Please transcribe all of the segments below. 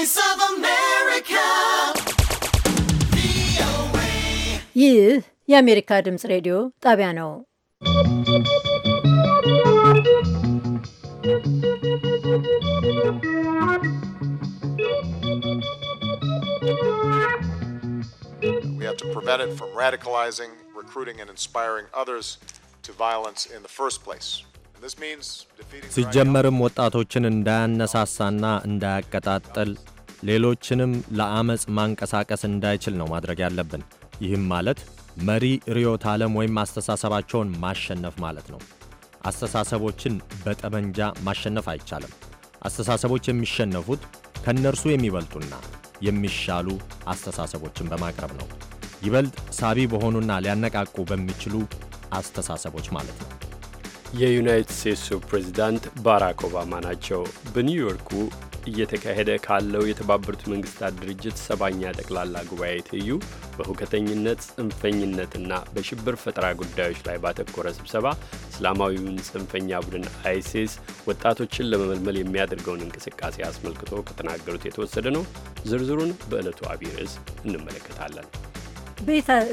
voice America. ይህ የአሜሪካ ድምፅ We have to prevent it from radicalizing, recruiting, and inspiring others to violence in the first place. ሲጀመርም ወጣቶችን እንዳያነሳሳና እንዳያቀጣጥል ሌሎችንም ለአመፅ ማንቀሳቀስ እንዳይችል ነው ማድረግ ያለብን። ይህም ማለት መሪ ርዕዮተ ዓለም ወይም አስተሳሰባቸውን ማሸነፍ ማለት ነው። አስተሳሰቦችን በጠመንጃ ማሸነፍ አይቻልም። አስተሳሰቦች የሚሸነፉት ከእነርሱ የሚበልጡና የሚሻሉ አስተሳሰቦችን በማቅረብ ነው። ይበልጥ ሳቢ በሆኑና ሊያነቃቁ በሚችሉ አስተሳሰቦች ማለት ነው። የዩናይትድ ስቴትሱ ፕሬዚዳንት ባራክ ኦባማ ናቸው። በኒውዮርኩ እየተካሄደ ካለው የተባበሩት መንግስታት ድርጅት ሰባኛ ጠቅላላ ጉባኤ ትይዩ በሁከተኝነት ጽንፈኝነትና በሽብር ፈጠራ ጉዳዮች ላይ ባተኮረ ስብሰባ እስላማዊውን ጽንፈኛ ቡድን አይሲስ ወጣቶችን ለመመልመል የሚያደርገውን እንቅስቃሴ አስመልክቶ ከተናገሩት የተወሰደ ነው። ዝርዝሩን በዕለቱ አብይ ርዕስ እንመለከታለን።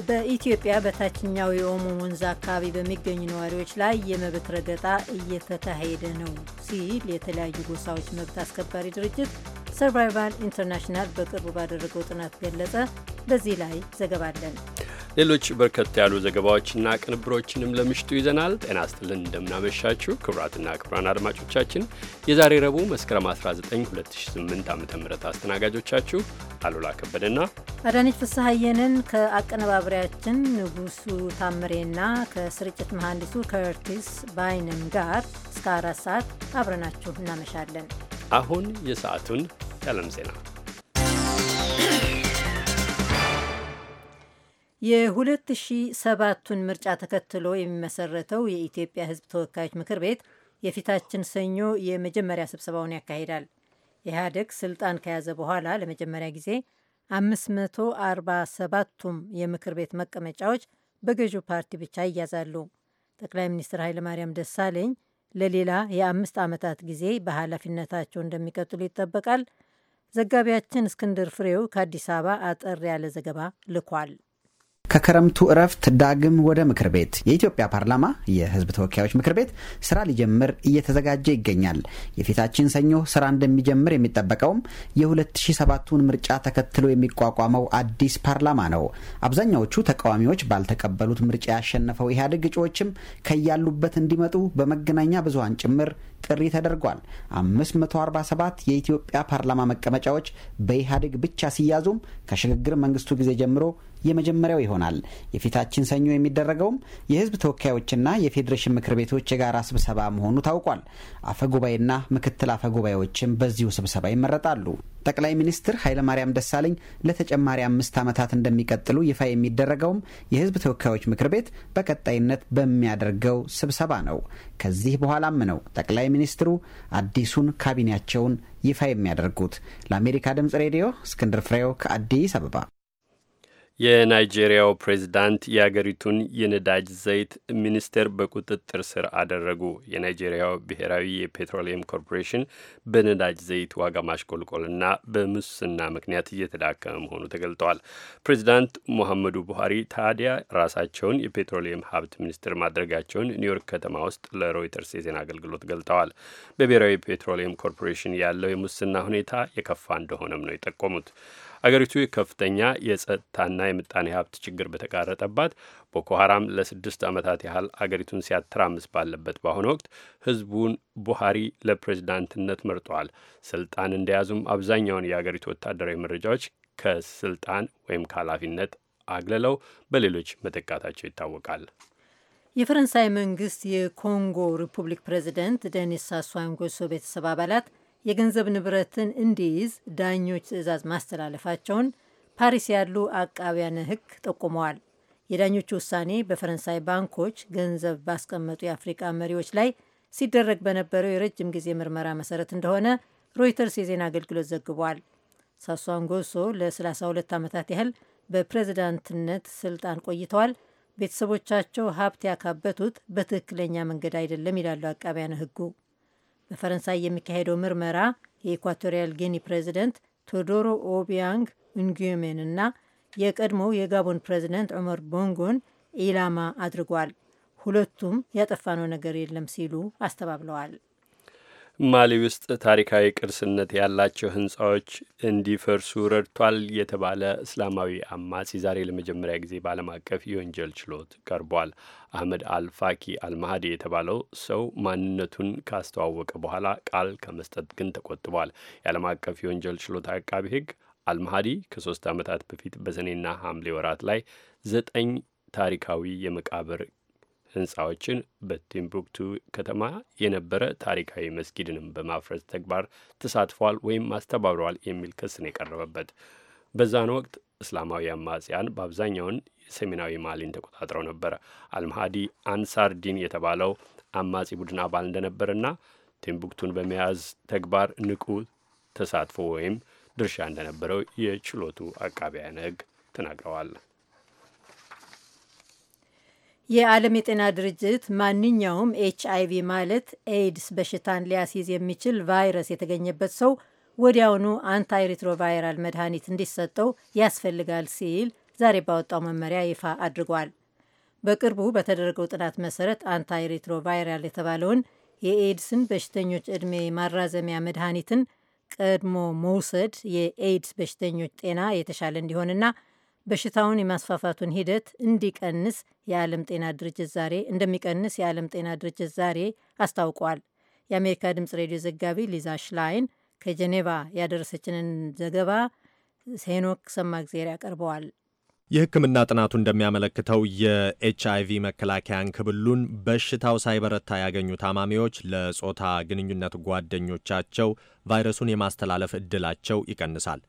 በኢትዮጵያ በታችኛው የኦሞ ወንዝ አካባቢ በሚገኙ ነዋሪዎች ላይ የመብት ረገጣ እየተካሄደ ነው ሲል የተለያዩ ጎሳዎች መብት አስከባሪ ድርጅት ሰርቫይቫል ኢንተርናሽናል በቅርቡ ባደረገው ጥናት ገለጸ። በዚህ ላይ ዘገባ አለን። ሌሎች በርከት ያሉ ዘገባዎችና ቅንብሮችንም ለምሽቱ ይዘናል። ጤና ስጥልን እንደምናመሻችሁ ክቡራትና ክቡራን አድማጮቻችን የዛሬ ረቡዕ መስከረም 19 2008 ዓ ም አስተናጋጆቻችሁ አሉላ ከበደና አዳነች ፍስሐየንን ከአቀነባብሪያችን ንጉሱ ታምሬና ከስርጭት መሐንዲሱ ከርቲስ ባይንም ጋር እስከ አራት ሰዓት አብረናችሁ እናመሻለን። አሁን የሰዓቱን የዓለም ዜና የ2007ቱን ምርጫ ተከትሎ የሚመሰረተው የኢትዮጵያ ሕዝብ ተወካዮች ምክር ቤት የፊታችን ሰኞ የመጀመሪያ ስብሰባውን ያካሂዳል። ኢህአዴግ ስልጣን ከያዘ በኋላ ለመጀመሪያ ጊዜ 547ቱም የምክር ቤት መቀመጫዎች በገዢው ፓርቲ ብቻ ይያዛሉ። ጠቅላይ ሚኒስትር ኃይለማርያም ደሳለኝ ለሌላ የአምስት ዓመታት ጊዜ በኃላፊነታቸው እንደሚቀጥሉ ይጠበቃል። ዘጋቢያችን እስክንድር ፍሬው ከአዲስ አበባ አጠር ያለ ዘገባ ልኳል። ከክረምቱ እረፍት ዳግም ወደ ምክር ቤት የኢትዮጵያ ፓርላማ የሕዝብ ተወካዮች ምክር ቤት ስራ ሊጀምር እየተዘጋጀ ይገኛል። የፊታችን ሰኞ ስራ እንደሚጀምር የሚጠበቀውም የ2007ቱን ምርጫ ተከትሎ የሚቋቋመው አዲስ ፓርላማ ነው። አብዛኛዎቹ ተቃዋሚዎች ባልተቀበሉት ምርጫ ያሸነፈው ኢህአዴግ እጩዎችም ከያሉበት እንዲመጡ በመገናኛ ብዙሀን ጭምር ጥሪ ተደርጓል። 547 የኢትዮጵያ ፓርላማ መቀመጫዎች በኢህአዴግ ብቻ ሲያዙም ከሽግግር መንግስቱ ጊዜ ጀምሮ የመጀመሪያው ይሆናል። የፊታችን ሰኞ የሚደረገውም የህዝብ ተወካዮችና የፌዴሬሽን ምክር ቤቶች የጋራ ስብሰባ መሆኑ ታውቋል። አፈጉባኤና ምክትል አፈጉባኤዎችም በዚሁ ስብሰባ ይመረጣሉ። ጠቅላይ ሚኒስትር ኃይለማርያም ደሳለኝ ለተጨማሪ አምስት ዓመታት እንደሚቀጥሉ ይፋ የሚደረገውም የህዝብ ተወካዮች ምክር ቤት በቀጣይነት በሚያደርገው ስብሰባ ነው። ከዚህ በኋላም ነው ጠቅላይ ሚኒስትሩ አዲሱን ካቢኔያቸውን ይፋ የሚያደርጉት። ለአሜሪካ ድምጽ ሬዲዮ እስክንድር ፍሬው ከአዲስ አበባ የናይጄሪያው ፕሬዚዳንት የአገሪቱን የነዳጅ ዘይት ሚኒስቴር በቁጥጥር ስር አደረጉ። የናይጄሪያው ብሔራዊ የፔትሮሊየም ኮርፖሬሽን በነዳጅ ዘይት ዋጋ ማሽቆልቆልና በሙስና ምክንያት እየተዳከመ መሆኑ ተገልጠዋል። ፕሬዚዳንት ሙሐመዱ ቡሃሪ ታዲያ ራሳቸውን የፔትሮሊየም ሀብት ሚኒስትር ማድረጋቸውን ኒውዮርክ ከተማ ውስጥ ለሮይተርስ የዜና አገልግሎት ገልጠዋል። በብሔራዊ ፔትሮሊየም ኮርፖሬሽን ያለው የሙስና ሁኔታ የከፋ እንደሆነም ነው የጠቆሙት። አገሪቱ ከፍተኛ የጸጥታና የምጣኔ ሀብት ችግር በተጋረጠባት ቦኮ ሀራም ለስድስት ዓመታት ያህል አገሪቱን ሲያተራምስ ባለበት በአሁኑ ወቅት ህዝቡን ቡሃሪ ለፕሬዚዳንትነት መርጠዋል። ስልጣን እንደያዙም አብዛኛውን የአገሪቱ ወታደራዊ መረጃዎች ከስልጣን ወይም ከኃላፊነት አግልለው በሌሎች መተካታቸው ይታወቃል። የፈረንሳይ መንግስት የኮንጎ ሪፑብሊክ ፕሬዚደንት ደኒስ ሳሷን ቤተሰብ አባላት የገንዘብ ንብረትን እንዲይዝ ዳኞች ትዕዛዝ ማስተላለፋቸውን ፓሪስ ያሉ አቃቢያነ ሕግ ጠቁመዋል። የዳኞቹ ውሳኔ በፈረንሳይ ባንኮች ገንዘብ ባስቀመጡ የአፍሪቃ መሪዎች ላይ ሲደረግ በነበረው የረጅም ጊዜ ምርመራ መሰረት እንደሆነ ሮይተርስ የዜና አገልግሎት ዘግቧል። ሳሷን ጎሶ ለ32 ዓመታት ያህል በፕሬዝዳንትነት ስልጣን ቆይተዋል። ቤተሰቦቻቸው ሀብት ያካበቱት በትክክለኛ መንገድ አይደለም ይላሉ አቃቢያነ ሕጉ። በፈረንሳይ የሚካሄደው ምርመራ የኢኳቶሪያል ጊኒ ፕሬዚደንት ቶዶሮ ኦቢያንግ እንጉሜን እና የቀድሞው የጋቦን ፕሬዚደንት ዑመር ቦንጎን ኢላማ አድርጓል። ሁለቱም ያጠፋነው ነገር የለም ሲሉ አስተባብለዋል። ማሊ ውስጥ ታሪካዊ ቅርስነት ያላቸው ህንጻዎች እንዲፈርሱ ረድቷል የተባለ እስላማዊ አማጺ ዛሬ ለመጀመሪያ ጊዜ በዓለም አቀፍ የወንጀል ችሎት ቀርቧል። አህመድ አልፋኪ አልማሃዲ የተባለው ሰው ማንነቱን ካስተዋወቀ በኋላ ቃል ከመስጠት ግን ተቆጥቧል። የዓለም አቀፍ የወንጀል ችሎት አቃቢ ህግ አልማሃዲ ከሶስት ዓመታት በፊት በሰኔና ሐምሌ ወራት ላይ ዘጠኝ ታሪካዊ የመቃብር ህንፃዎችን በቲምቡክቱ ከተማ የነበረ ታሪካዊ መስጊድንም በማፍረስ ተግባር ተሳትፏል ወይም አስተባብረዋል የሚል ክስ ነው የቀረበበት። በዛን ወቅት እስላማዊ አማጽያን በአብዛኛውን የሰሜናዊ ማሊን ተቆጣጥረው ነበረ። አልማሃዲ አንሳር ዲን የተባለው አማጺ ቡድን አባል እንደነበረና ቲምቡክቱን በመያዝ ተግባር ንቁ ተሳትፎ ወይም ድርሻ እንደነበረው የችሎቱ አቃቢያን ተናግረዋል። የዓለም የጤና ድርጅት ማንኛውም ኤች ቪ ማለት ኤድስ በሽታን ሊያስይዝ የሚችል ቫይረስ የተገኘበት ሰው ወዲያውኑ አንታይሪትሮቫይራል መድኃኒት እንዲሰጠው ያስፈልጋል ሲል ዛሬ ባወጣው መመሪያ ይፋ አድርጓል። በቅርቡ በተደረገው ጥናት መሰረት አንታይሪትሮቫይራል የተባለውን የኤድስን በሽተኞች ዕድሜ ማራዘሚያ መድኃኒትን ቀድሞ መውሰድ የኤድስ በሽተኞች ጤና የተሻለ እንዲሆንና በሽታውን የማስፋፋቱን ሂደት እንዲቀንስ የዓለም ጤና ድርጅት ዛሬ እንደሚቀንስ የዓለም ጤና ድርጅት ዛሬ አስታውቋል። የአሜሪካ ድምፅ ሬዲዮ ዘጋቢ ሊዛ ሽላይን ከጀኔቫ ያደረሰችንን ዘገባ ሄኖክ ሰማግዜር ያቀርበዋል። የሕክምና ጥናቱ እንደሚያመለክተው የኤች አይቪ መከላከያ እንክብሉን በሽታው ሳይበረታ ያገኙ ታማሚዎች ለጾታ ግንኙነት ጓደኞቻቸው ቫይረሱን የማስተላለፍ ዕድላቸው ይቀንሳል።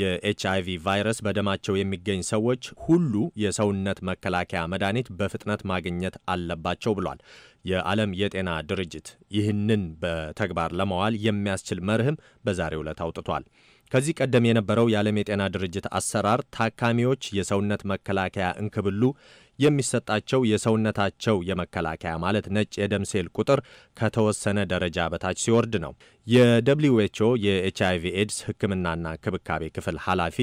የኤች አይቪ ቫይረስ በደማቸው የሚገኝ ሰዎች ሁሉ የሰውነት መከላከያ መድኃኒት በፍጥነት ማግኘት አለባቸው ብሏል። የዓለም የጤና ድርጅት ይህንን በተግባር ለመዋል የሚያስችል መርህም በዛሬው ዕለት አውጥቷል። ከዚህ ቀደም የነበረው የዓለም የጤና ድርጅት አሰራር ታካሚዎች የሰውነት መከላከያ እንክብሉ የሚሰጣቸው የሰውነታቸው የመከላከያ ማለት ነጭ የደም ሴል ቁጥር ከተወሰነ ደረጃ በታች ሲወርድ ነው። የደብሊዩ ኤች ኦ የኤች አይቪ ኤድስ ሕክምናና ክብካቤ ክፍል ኃላፊ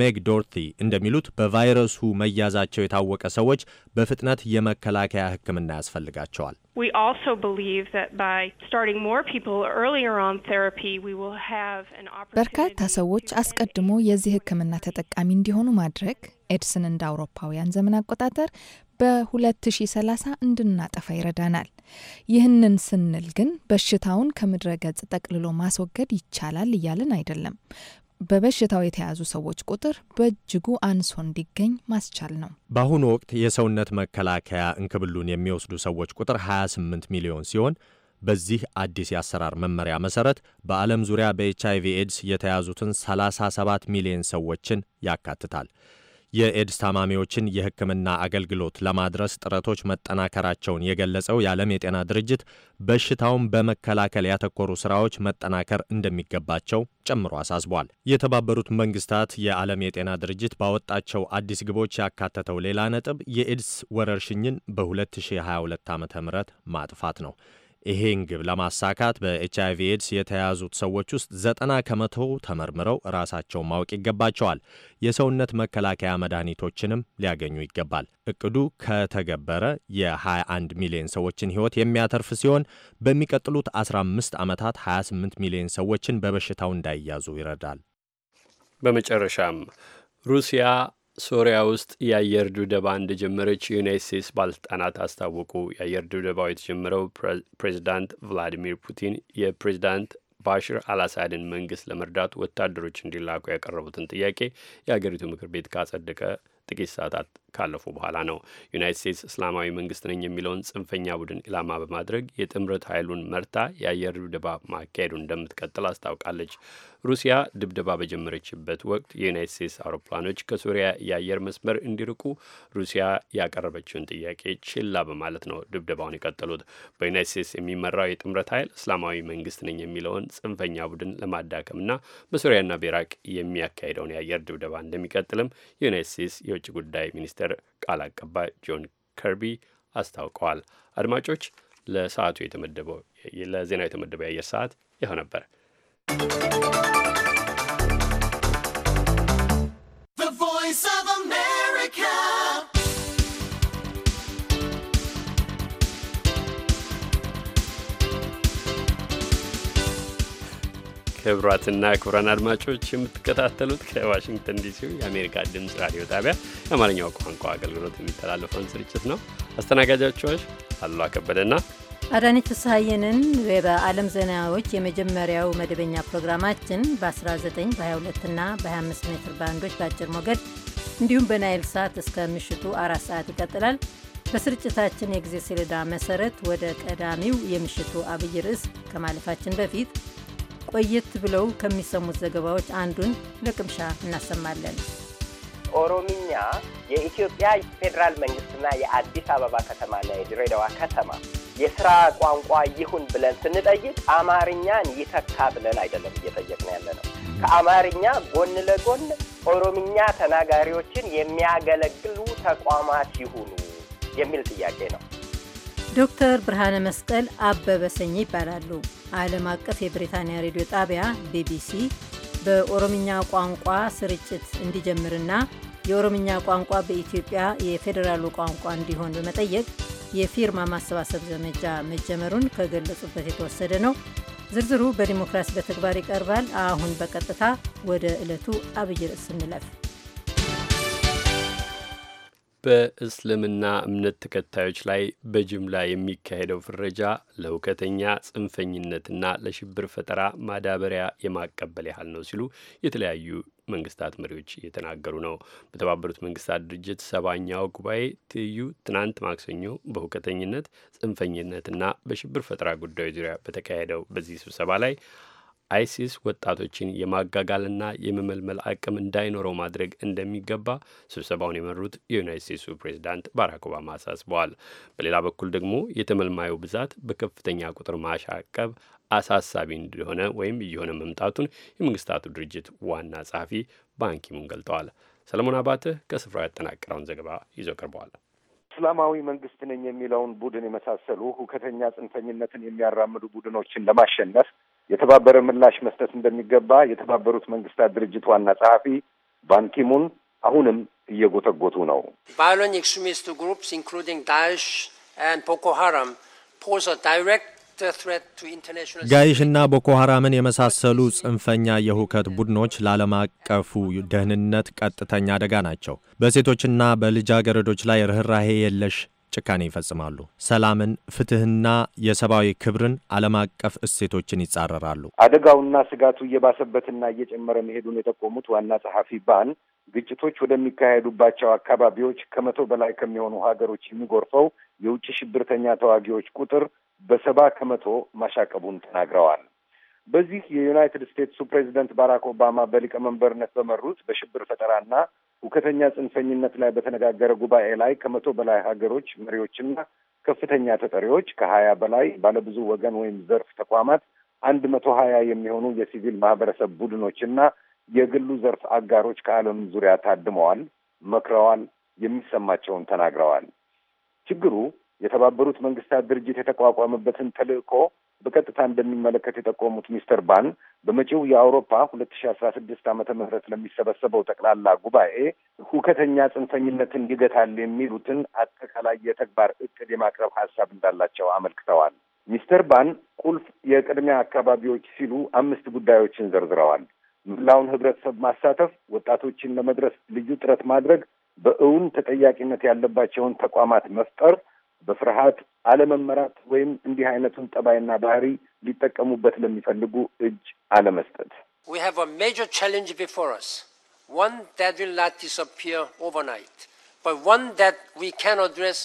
ሜግ ዶርቲ እንደሚሉት በቫይረሱ መያዛቸው የታወቀ ሰዎች በፍጥነት የመከላከያ ሕክምና ያስፈልጋቸዋል። We also believe that by starting more people earlier on therapy, we will have an opportunity. በርካታ ሰዎች አስቀድሞ የዚህ ሕክምና ተጠቃሚ እንዲሆኑ ማድረግ ኤድስን እንደ አውሮፓውያን ዘመን አቆጣጠር በ2030 እንድናጠፋ ይረዳናል። ይህንን ስንል ግን በሽታውን ከምድረ ገጽ ጠቅልሎ ማስወገድ ይቻላል እያልን አይደለም። በበሽታው የተያዙ ሰዎች ቁጥር በእጅጉ አንሶ እንዲገኝ ማስቻል ነው። በአሁኑ ወቅት የሰውነት መከላከያ እንክብሉን የሚወስዱ ሰዎች ቁጥር 28 ሚሊዮን ሲሆን በዚህ አዲስ የአሰራር መመሪያ መሰረት በዓለም ዙሪያ በኤች አይቪ ኤድስ የተያዙትን 37 ሚሊዮን ሰዎችን ያካትታል። የኤድስ ታማሚዎችን የሕክምና አገልግሎት ለማድረስ ጥረቶች መጠናከራቸውን የገለጸው የዓለም የጤና ድርጅት በሽታውን በመከላከል ያተኮሩ ስራዎች መጠናከር እንደሚገባቸው ጨምሮ አሳስቧል። የተባበሩት መንግስታት የዓለም የጤና ድርጅት ባወጣቸው አዲስ ግቦች ያካተተው ሌላ ነጥብ የኤድስ ወረርሽኝን በ2022 ዓ ም ማጥፋት ነው። ይህን ግብ ለማሳካት በኤች አይቪ ኤድስ የተያዙት ሰዎች ውስጥ ዘጠና ከመቶ ተመርምረው ራሳቸውን ማወቅ ይገባቸዋል። የሰውነት መከላከያ መድኃኒቶችንም ሊያገኙ ይገባል። እቅዱ ከተገበረ የ21 ሚሊዮን ሰዎችን ሕይወት የሚያተርፍ ሲሆን በሚቀጥሉት 15 ዓመታት 28 ሚሊዮን ሰዎችን በበሽታው እንዳይያዙ ይረዳል። በመጨረሻም ሩሲያ ሶሪያ ውስጥ የአየር ድብደባ እንደጀመረች የዩናይት ስቴትስ ባለስልጣናት አስታወቁ። የአየር ድብደባው የተጀመረው ፕሬዚዳንት ቭላዲሚር ፑቲን የፕሬዚዳንት ባሽር አልአሳድን መንግስት ለመርዳት ወታደሮች እንዲላኩ ያቀረቡትን ጥያቄ የአገሪቱ ምክር ቤት ካጸደቀ ጥቂት ሰዓታት ካለፉ በኋላ ነው። ዩናይት ስቴትስ እስላማዊ መንግስት ነኝ የሚለውን ጽንፈኛ ቡድን ኢላማ በማድረግ የጥምረት ኃይሉን መርታ የአየር ድብደባ ማካሄዱ እንደምትቀጥል አስታውቃለች። ሩሲያ ድብደባ በጀመረችበት ወቅት የዩናይት ስቴትስ አውሮፕላኖች ከሱሪያ የአየር መስመር እንዲርቁ ሩሲያ ያቀረበችውን ጥያቄ ችላ በማለት ነው ድብደባውን የቀጠሉት። በዩናይት ስቴትስ የሚመራው የጥምረት ኃይል እስላማዊ መንግስት ነኝ የሚለውን ጽንፈኛ ቡድን ለማዳከምና በሱሪያና በኢራቅ የሚያካሄደውን የአየር ድብደባ እንደሚቀጥልም የዩናይት ስቴትስ የውጭ ጉዳይ ሚኒስቴር ቃል አቀባይ ጆን ከርቢ አስታውቀዋል። አድማጮች፣ ለሰዓቱ የተመደበው ለዜናው የተመደበው የአየር ሰዓት ይኸው ነበር። ክቡራትና ክቡራን አድማጮች የምትከታተሉት ከዋሽንግተን ዲሲ የአሜሪካ ድምፅ ራዲዮ ጣቢያ የአማርኛው ቋንቋ አገልግሎት የሚተላለፈውን ስርጭት ነው። አስተናጋጃችኋች አሉላ ከበደና አዳነች ፍስሐየንን በዓለም ዜናዎች የመጀመሪያው መደበኛ ፕሮግራማችን በ19 በ22ና በ25 ሜትር ባንዶች በአጭር ሞገድ እንዲሁም በናይል ሳት እስከ ምሽቱ አራት ሰዓት ይቀጥላል። በስርጭታችን የጊዜ ሰሌዳ መሰረት ወደ ቀዳሚው የምሽቱ አብይ ርዕስ ከማለፋችን በፊት ቆየት ብለው ከሚሰሙት ዘገባዎች አንዱን ለቅምሻ እናሰማለን። ኦሮምኛ የኢትዮጵያ ፌዴራል መንግስትና የአዲስ አበባ ከተማና የድሬዳዋ ከተማ የስራ ቋንቋ ይሁን ብለን ስንጠይቅ አማርኛን ይተካ ብለን አይደለም ነው ያለ ነው። ከአማርኛ ጎን ለጎን ኦሮምኛ ተናጋሪዎችን የሚያገለግሉ ተቋማት ይሁኑ የሚል ጥያቄ ነው። ዶክተር ብርሃነ መስቀል አበበ ሰኝ ይባላሉ። ዓለም አቀፍ የብሪታንያ ሬዲዮ ጣቢያ ቢቢሲ በኦሮምኛ ቋንቋ ስርጭት እንዲጀምርና የኦሮምኛ ቋንቋ በኢትዮጵያ የፌዴራሉ ቋንቋ እንዲሆን በመጠየቅ የፊርማ ማሰባሰብ ዘመቻ መጀመሩን ከገለጹበት የተወሰደ ነው። ዝርዝሩ በዲሞክራሲ በተግባር ይቀርባል። አሁን በቀጥታ ወደ ዕለቱ አብይ ርዕስ እንለፍ። በእስልምና እምነት ተከታዮች ላይ በጅምላ የሚካሄደው ፍረጃ ለውከተኛ ጽንፈኝነትና ለሽብር ፈጠራ ማዳበሪያ የማቀበል ያህል ነው ሲሉ የተለያዩ መንግስታት መሪዎች እየተናገሩ ነው። በተባበሩት መንግስታት ድርጅት ሰባኛው ጉባኤ ትይዩ ትናንት ማክሰኞ በውከተኝነት ጽንፈኝነትና በሽብር ፈጠራ ጉዳዮች ዙሪያ በተካሄደው በዚህ ስብሰባ ላይ አይሲስ ወጣቶችን የማጋጋልና የመመልመል አቅም እንዳይኖረው ማድረግ እንደሚገባ ስብሰባውን የመሩት የዩናይት ስቴትሱ ፕሬዚዳንት ባራክ ኦባማ አሳስበዋል። በሌላ በኩል ደግሞ የተመልማዩ ብዛት በከፍተኛ ቁጥር ማሻቀብ አሳሳቢ እንደሆነ ወይም እየሆነ መምጣቱን የመንግስታቱ ድርጅት ዋና ጸሐፊ ባንኪሙን ገልጠዋል። ሰለሞን አባተ ከስፍራው ያጠናቀረውን ዘገባ ይዞ ቀርበዋል። እስላማዊ መንግስት ነኝ የሚለውን ቡድን የመሳሰሉ ሁከተኛ ጽንፈኝነትን የሚያራምዱ ቡድኖችን ለማሸነፍ የተባበረ ምላሽ መስጠት እንደሚገባ የተባበሩት መንግስታት ድርጅት ዋና ጸሐፊ ባንኪሙን አሁንም እየጎተጎቱ ነው። ቫዮለንት ኤክስትሪሚስት ግሩፕስ ኢንክሉዲንግ ዳሽ ኤንድ ቦኮ ሃራም ፖዝ ኤ ዳይሬክት ጋይሽና ቦኮ ሐራምን የመሳሰሉ ጽንፈኛ የሁከት ቡድኖች ለዓለም አቀፉ ደህንነት ቀጥተኛ አደጋ ናቸው። በሴቶችና በልጃገረዶች ላይ ርኅራሄ የለሽ ጭካኔ ይፈጽማሉ። ሰላምን፣ ፍትህና የሰብአዊ ክብርን፣ ዓለም አቀፍ እሴቶችን ይጻረራሉ። አደጋውና ስጋቱ እየባሰበትና እየጨመረ መሄዱን የጠቆሙት ዋና ጸሐፊ ባን ግጭቶች ወደሚካሄዱባቸው አካባቢዎች ከመቶ በላይ ከሚሆኑ ሀገሮች የሚጎርፈው የውጭ ሽብርተኛ ተዋጊዎች ቁጥር በሰባ ከመቶ ማሻቀቡን ተናግረዋል። በዚህ የዩናይትድ ስቴትሱ ፕሬዚደንት ባራክ ኦባማ በሊቀመንበርነት በመሩት በሽብር ፈጠራና ሁከተኛ ጽንፈኝነት ላይ በተነጋገረ ጉባኤ ላይ ከመቶ በላይ ሀገሮች መሪዎችና ከፍተኛ ተጠሪዎች ከሀያ በላይ ባለብዙ ወገን ወይም ዘርፍ ተቋማት አንድ መቶ ሀያ የሚሆኑ የሲቪል ማህበረሰብ ቡድኖችና የግሉ ዘርፍ አጋሮች ከዓለም ዙሪያ ታድመዋል፣ መክረዋል፣ የሚሰማቸውን ተናግረዋል። ችግሩ የተባበሩት መንግስታት ድርጅት የተቋቋመበትን ተልዕኮ በቀጥታ እንደሚመለከት የጠቆሙት ሚስተር ባን በመጪው የአውሮፓ ሁለት ሺ አስራ ስድስት ዓመተ ምህረት ለሚሰበሰበው ጠቅላላ ጉባኤ ሁከተኛ ጽንፈኝነትን ይገታል የሚሉትን አጠቃላይ የተግባር እቅድ የማቅረብ ሀሳብ እንዳላቸው አመልክተዋል። ሚስተር ባን ቁልፍ የቅድሚያ አካባቢዎች ሲሉ አምስት ጉዳዮችን ዘርዝረዋል። ምላውን ህብረተሰብ ማሳተፍ፣ ወጣቶችን ለመድረስ ልዩ ጥረት ማድረግ፣ በእውን ተጠያቂነት ያለባቸውን ተቋማት መፍጠር በፍርሃት አለመመራት ወይም እንዲህ አይነቱን ጠባይና ባህሪ ሊጠቀሙበት ለሚፈልጉ እጅ አለመስጠት። We have a major challenge before us, one that will not disappear overnight, but one that we can address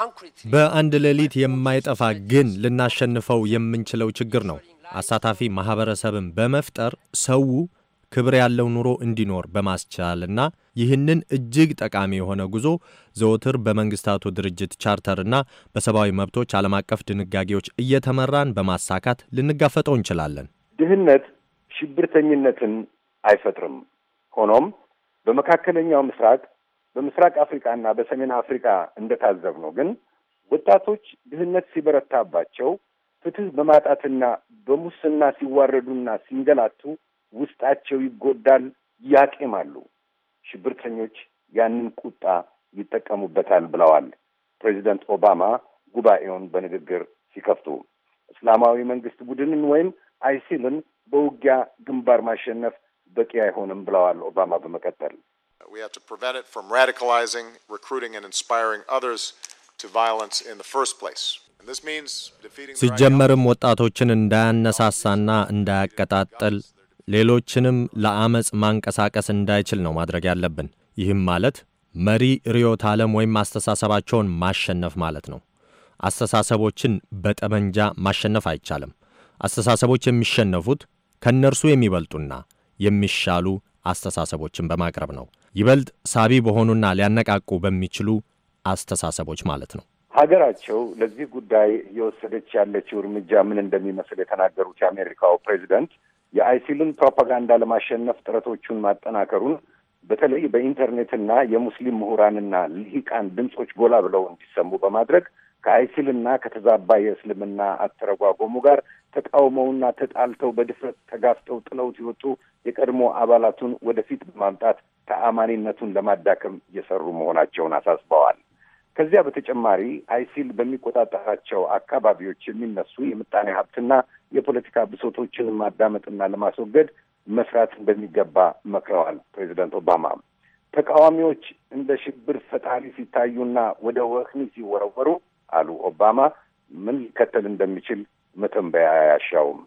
concretely. በአንድ ሌሊት የማይጠፋ ግን ልናሸንፈው የምንችለው ችግር ነው። አሳታፊ ማህበረሰብን በመፍጠር ሰው ክብር ያለው ኑሮ እንዲኖር በማስቻልና ይህንን እጅግ ጠቃሚ የሆነ ጉዞ ዘወትር በመንግስታቱ ድርጅት ቻርተርና በሰብአዊ መብቶች ዓለም አቀፍ ድንጋጌዎች እየተመራን በማሳካት ልንጋፈጠው እንችላለን። ድህነት ሽብርተኝነትን አይፈጥርም። ሆኖም በመካከለኛው ምስራቅ፣ በምስራቅ አፍሪካና በሰሜን አፍሪካ እንደታዘብ ነው ግን ወጣቶች ድህነት ሲበረታባቸው ፍትህ በማጣትና በሙስና ሲዋረዱና ሲንገላቱ ውስጣቸው ይጎዳል፣ ያቄማሉ። ሽብርተኞች ያንን ቁጣ ይጠቀሙበታል ብለዋል ፕሬዚደንት ኦባማ ጉባኤውን በንግግር ሲከፍቱ። እስላማዊ መንግስት ቡድንን ወይም አይሲልን በውጊያ ግንባር ማሸነፍ በቂ አይሆንም ብለዋል ኦባማ በመቀጠል ሲጀመርም ወጣቶችን እንዳያነሳሳና እንዳያቀጣጥል ሌሎችንም ለአመፅ ማንቀሳቀስ እንዳይችል ነው ማድረግ ያለብን። ይህም ማለት መሪ ርዕዮተ ዓለም ወይም አስተሳሰባቸውን ማሸነፍ ማለት ነው። አስተሳሰቦችን በጠመንጃ ማሸነፍ አይቻልም። አስተሳሰቦች የሚሸነፉት ከእነርሱ የሚበልጡና የሚሻሉ አስተሳሰቦችን በማቅረብ ነው። ይበልጥ ሳቢ በሆኑና ሊያነቃቁ በሚችሉ አስተሳሰቦች ማለት ነው። ሀገራቸው ለዚህ ጉዳይ እየወሰደች ያለችው እርምጃ ምን እንደሚመስል የተናገሩት የአሜሪካው ፕሬዚደንት የአይሲልን ፕሮፓጋንዳ ለማሸነፍ ጥረቶቹን ማጠናከሩን በተለይ በኢንተርኔትና የሙስሊም ምሁራንና ልሂቃን ድምፆች ጎላ ብለው እንዲሰሙ በማድረግ ከአይሲልና ከተዛባ የእስልምና አተረጓጎሙ ጋር ተቃውመውና ተጣልተው በድፍረት ተጋፍጠው ጥለውት የወጡ የቀድሞ አባላቱን ወደፊት በማምጣት ተአማኒነቱን ለማዳከም እየሰሩ መሆናቸውን አሳስበዋል። ከዚያ በተጨማሪ አይሲል በሚቆጣጠራቸው አካባቢዎች የሚነሱ የምጣኔ ሀብትና የፖለቲካ ብሶቶችን ማዳመጥና ለማስወገድ መስራት እንደሚገባ መክረዋል ፕሬዚደንት ኦባማ። ተቃዋሚዎች እንደ ሽብር ፈጣሪ ሲታዩና ወደ ወህኒ ሲወረወሩ አሉ ኦባማ ምን ሊከተል እንደሚችል መተንበያ አያሻውም።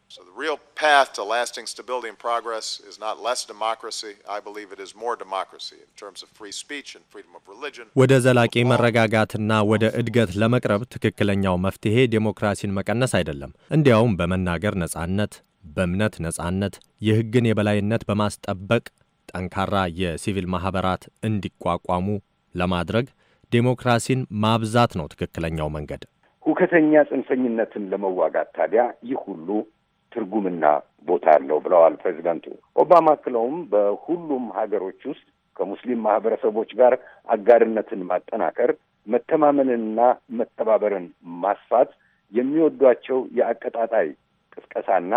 ወደ ዘላቂ መረጋጋትና ወደ እድገት ለመቅረብ ትክክለኛው መፍትሄ ዴሞክራሲን መቀነስ አይደለም። እንዲያውም በመናገር ነጻነት፣ በእምነት ነጻነት፣ የሕግን የበላይነት በማስጠበቅ ጠንካራ የሲቪል ማኅበራት እንዲቋቋሙ ለማድረግ ዴሞክራሲን ማብዛት ነው ትክክለኛው መንገድ። ሁከተኛ ጽንፈኝነትን ለመዋጋት ታዲያ ይህ ሁሉ ትርጉምና ቦታ አለው ብለዋል ፕሬዚደንቱ። ኦባማ አክለውም በሁሉም ሀገሮች ውስጥ ከሙስሊም ማህበረሰቦች ጋር አጋርነትን ማጠናከር፣ መተማመንንና መተባበርን ማስፋት፣ የሚወዷቸው የአቀጣጣይ ቅስቀሳና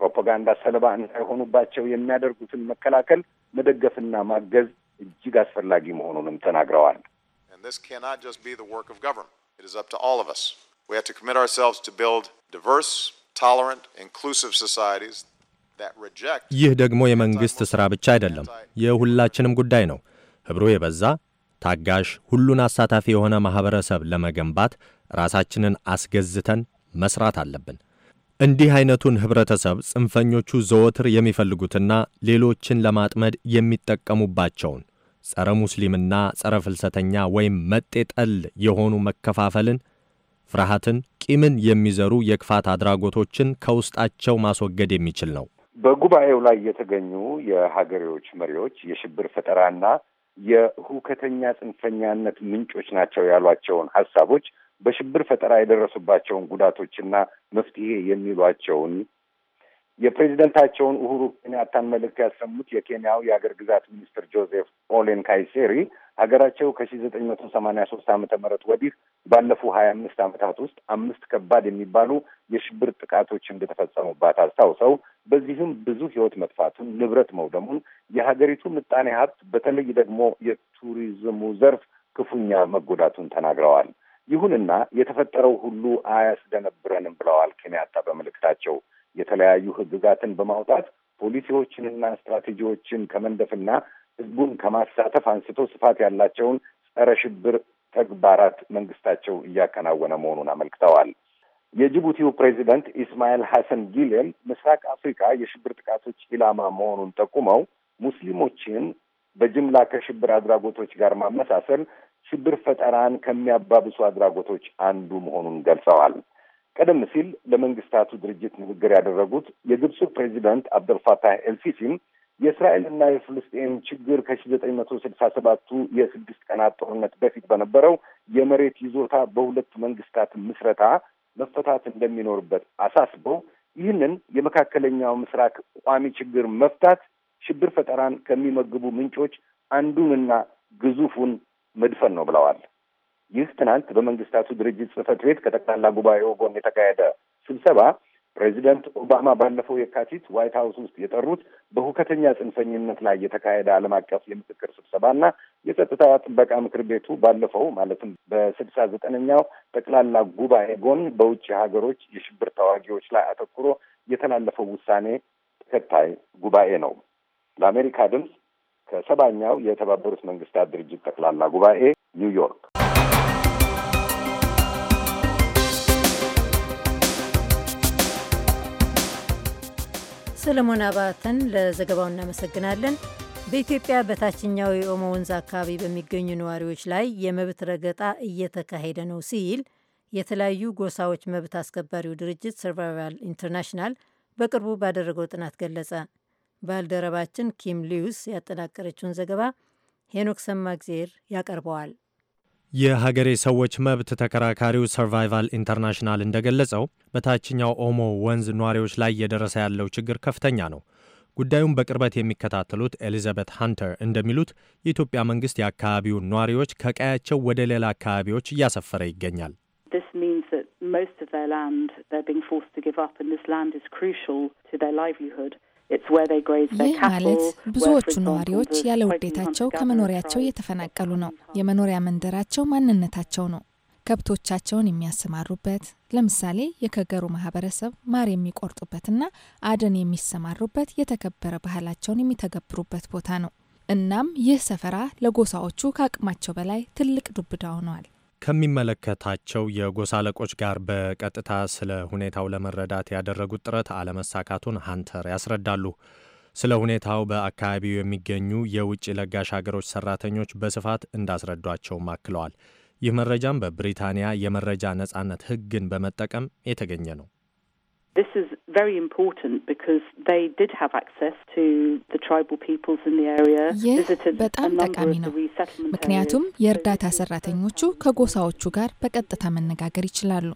ፕሮፓጋንዳ ሰለባ እንዳይሆኑባቸው የሚያደርጉትን መከላከል መደገፍና ማገዝ እጅግ አስፈላጊ መሆኑንም ተናግረዋል። It is up to all of us. We have to commit ourselves to build diverse, tolerant, inclusive societies that reject ይህ ደግሞ የመንግስት ስራ ብቻ አይደለም፣ የሁላችንም ጉዳይ ነው። ህብሮ የበዛ ታጋሽ፣ ሁሉን አሳታፊ የሆነ ማህበረሰብ ለመገንባት ራሳችንን አስገዝተን መስራት አለብን። እንዲህ አይነቱን ህብረተሰብ ጽንፈኞቹ ዘወትር የሚፈልጉትና ሌሎችን ለማጥመድ የሚጠቀሙባቸውን ጸረ ሙስሊምና ጸረ ፍልሰተኛ ወይም መጤ ጠል የሆኑ መከፋፈልን፣ ፍርሃትን፣ ቂምን የሚዘሩ የክፋት አድራጎቶችን ከውስጣቸው ማስወገድ የሚችል ነው። በጉባኤው ላይ የተገኙ የሀገሬዎች መሪዎች የሽብር ፈጠራና የሁከተኛ ጽንፈኛነት ምንጮች ናቸው ያሏቸውን ሀሳቦች፣ በሽብር ፈጠራ የደረሱባቸውን ጉዳቶችና መፍትሄ የሚሏቸውን የፕሬዚደንታቸውን ኡሁሩ ኬንያታን መልእክት ያሰሙት የኬንያው የአገር ግዛት ሚኒስትር ጆዜፍ ኦሌን ካይሴሪ ሀገራቸው ከሺ ዘጠኝ መቶ ሰማኒያ ሶስት ዓመተ ምህረት ወዲህ ባለፉ ሀያ አምስት ዓመታት ውስጥ አምስት ከባድ የሚባሉ የሽብር ጥቃቶች እንደተፈጸሙባት አስታውሰው በዚህም ብዙ ሕይወት መጥፋቱን፣ ንብረት መውደሙን፣ የሀገሪቱ ምጣኔ ሀብት በተለይ ደግሞ የቱሪዝሙ ዘርፍ ክፉኛ መጎዳቱን ተናግረዋል። ይሁንና የተፈጠረው ሁሉ አያስደነብረንም ብለዋል ኬንያታ በመልእክታቸው የተለያዩ ህግጋትን በማውጣት ፖሊሲዎችንና ስትራቴጂዎችን ከመንደፍና ህዝቡን ከማሳተፍ አንስቶ ስፋት ያላቸውን ጸረ ሽብር ተግባራት መንግስታቸው እያከናወነ መሆኑን አመልክተዋል። የጅቡቲው ፕሬዚደንት ኢስማኤል ሐሰን ጊሌም ምስራቅ አፍሪካ የሽብር ጥቃቶች ኢላማ መሆኑን ጠቁመው ሙስሊሞችን በጅምላ ከሽብር አድራጎቶች ጋር ማመሳሰል ሽብር ፈጠራን ከሚያባብሱ አድራጎቶች አንዱ መሆኑን ገልጸዋል። ቀደም ሲል ለመንግስታቱ ድርጅት ንግግር ያደረጉት የግብፁ ፕሬዚዳንት አብደልፋታህ ኤልሲሲም የእስራኤልና የፍልስጤም ችግር ከሺ ዘጠኝ መቶ ስልሳ ሰባቱ የስድስት ቀናት ጦርነት በፊት በነበረው የመሬት ይዞታ በሁለቱ መንግስታት ምስረታ መፈታት እንደሚኖርበት አሳስበው ይህንን የመካከለኛው ምስራቅ ቋሚ ችግር መፍታት ሽብር ፈጠራን ከሚመግቡ ምንጮች አንዱንና ግዙፉን መድፈን ነው ብለዋል። ይህ ትናንት በመንግስታቱ ድርጅት ጽህፈት ቤት ከጠቅላላ ጉባኤው ጎን የተካሄደ ስብሰባ ፕሬዚደንት ኦባማ ባለፈው የካቲት ዋይት ሀውስ ውስጥ የጠሩት በሁከተኛ ጽንፈኝነት ላይ የተካሄደ ዓለም አቀፍ የምክክር እና የጸጥታ ጥበቃ ምክር ቤቱ ባለፈው ማለትም በስልሳ ዘጠነኛው ጠቅላላ ጉባኤ ጎን በውጭ ሀገሮች የሽብር ተዋጊዎች ላይ አተኩሮ የተላለፈው ውሳኔ ተከታይ ጉባኤ ነው። ለአሜሪካ ድምፅ ከሰባኛው የተባበሩት መንግስታት ድርጅት ጠቅላላ ጉባኤ ኒውዮርክ ሰለሞን አባተን ለዘገባው እናመሰግናለን። በኢትዮጵያ በታችኛው የኦሞ ወንዝ አካባቢ በሚገኙ ነዋሪዎች ላይ የመብት ረገጣ እየተካሄደ ነው ሲል የተለያዩ ጎሳዎች መብት አስከባሪው ድርጅት ሰርቫይቫል ኢንተርናሽናል በቅርቡ ባደረገው ጥናት ገለጸ። ባልደረባችን ኪም ሊዩስ ያጠናቀረችውን ዘገባ ሄኖክ ሰማግዜር ያቀርበዋል። የሀገሬ ሰዎች መብት ተከራካሪው ሰርቫይቫል ኢንተርናሽናል እንደገለጸው በታችኛው ኦሞ ወንዝ ነዋሪዎች ላይ እየደረሰ ያለው ችግር ከፍተኛ ነው። ጉዳዩን በቅርበት የሚከታተሉት ኤሊዛቤት ሃንተር እንደሚሉት የኢትዮጵያ መንግስት የአካባቢውን ነዋሪዎች ከቀያቸው ወደ ሌላ አካባቢዎች እያሰፈረ ይገኛል። ስ ይህ ማለት ብዙዎቹ ነዋሪዎች ያለ ውዴታቸው ከመኖሪያቸው እየተፈናቀሉ ነው። የመኖሪያ መንደራቸው ማንነታቸው ነው። ከብቶቻቸውን የሚያሰማሩበት ለምሳሌ የከገሩ ማህበረሰብ ማር የሚቆርጡበትና አደን የሚሰማሩበት የተከበረ ባህላቸውን የሚተገብሩበት ቦታ ነው። እናም ይህ ሰፈራ ለጎሳዎቹ ከአቅማቸው በላይ ትልቅ ዱብዳ ሆነዋል። ከሚመለከታቸው የጎሳ አለቆች ጋር በቀጥታ ስለ ሁኔታው ለመረዳት ያደረጉት ጥረት አለመሳካቱን ሀንተር ያስረዳሉ። ስለ ሁኔታው በአካባቢው የሚገኙ የውጭ ለጋሽ ሀገሮች ሰራተኞች በስፋት እንዳስረዷቸውም አክለዋል። ይህ መረጃም በብሪታንያ የመረጃ ነጻነት ሕግን በመጠቀም የተገኘ ነው። This is very important because they did have access to the tribal peoples in the area. ይህ በጣም ጠቃሚ ነው፣ ምክንያቱም የእርዳታ ሰራተኞቹ ከጎሳዎቹ ጋር በቀጥታ መነጋገር ይችላሉ።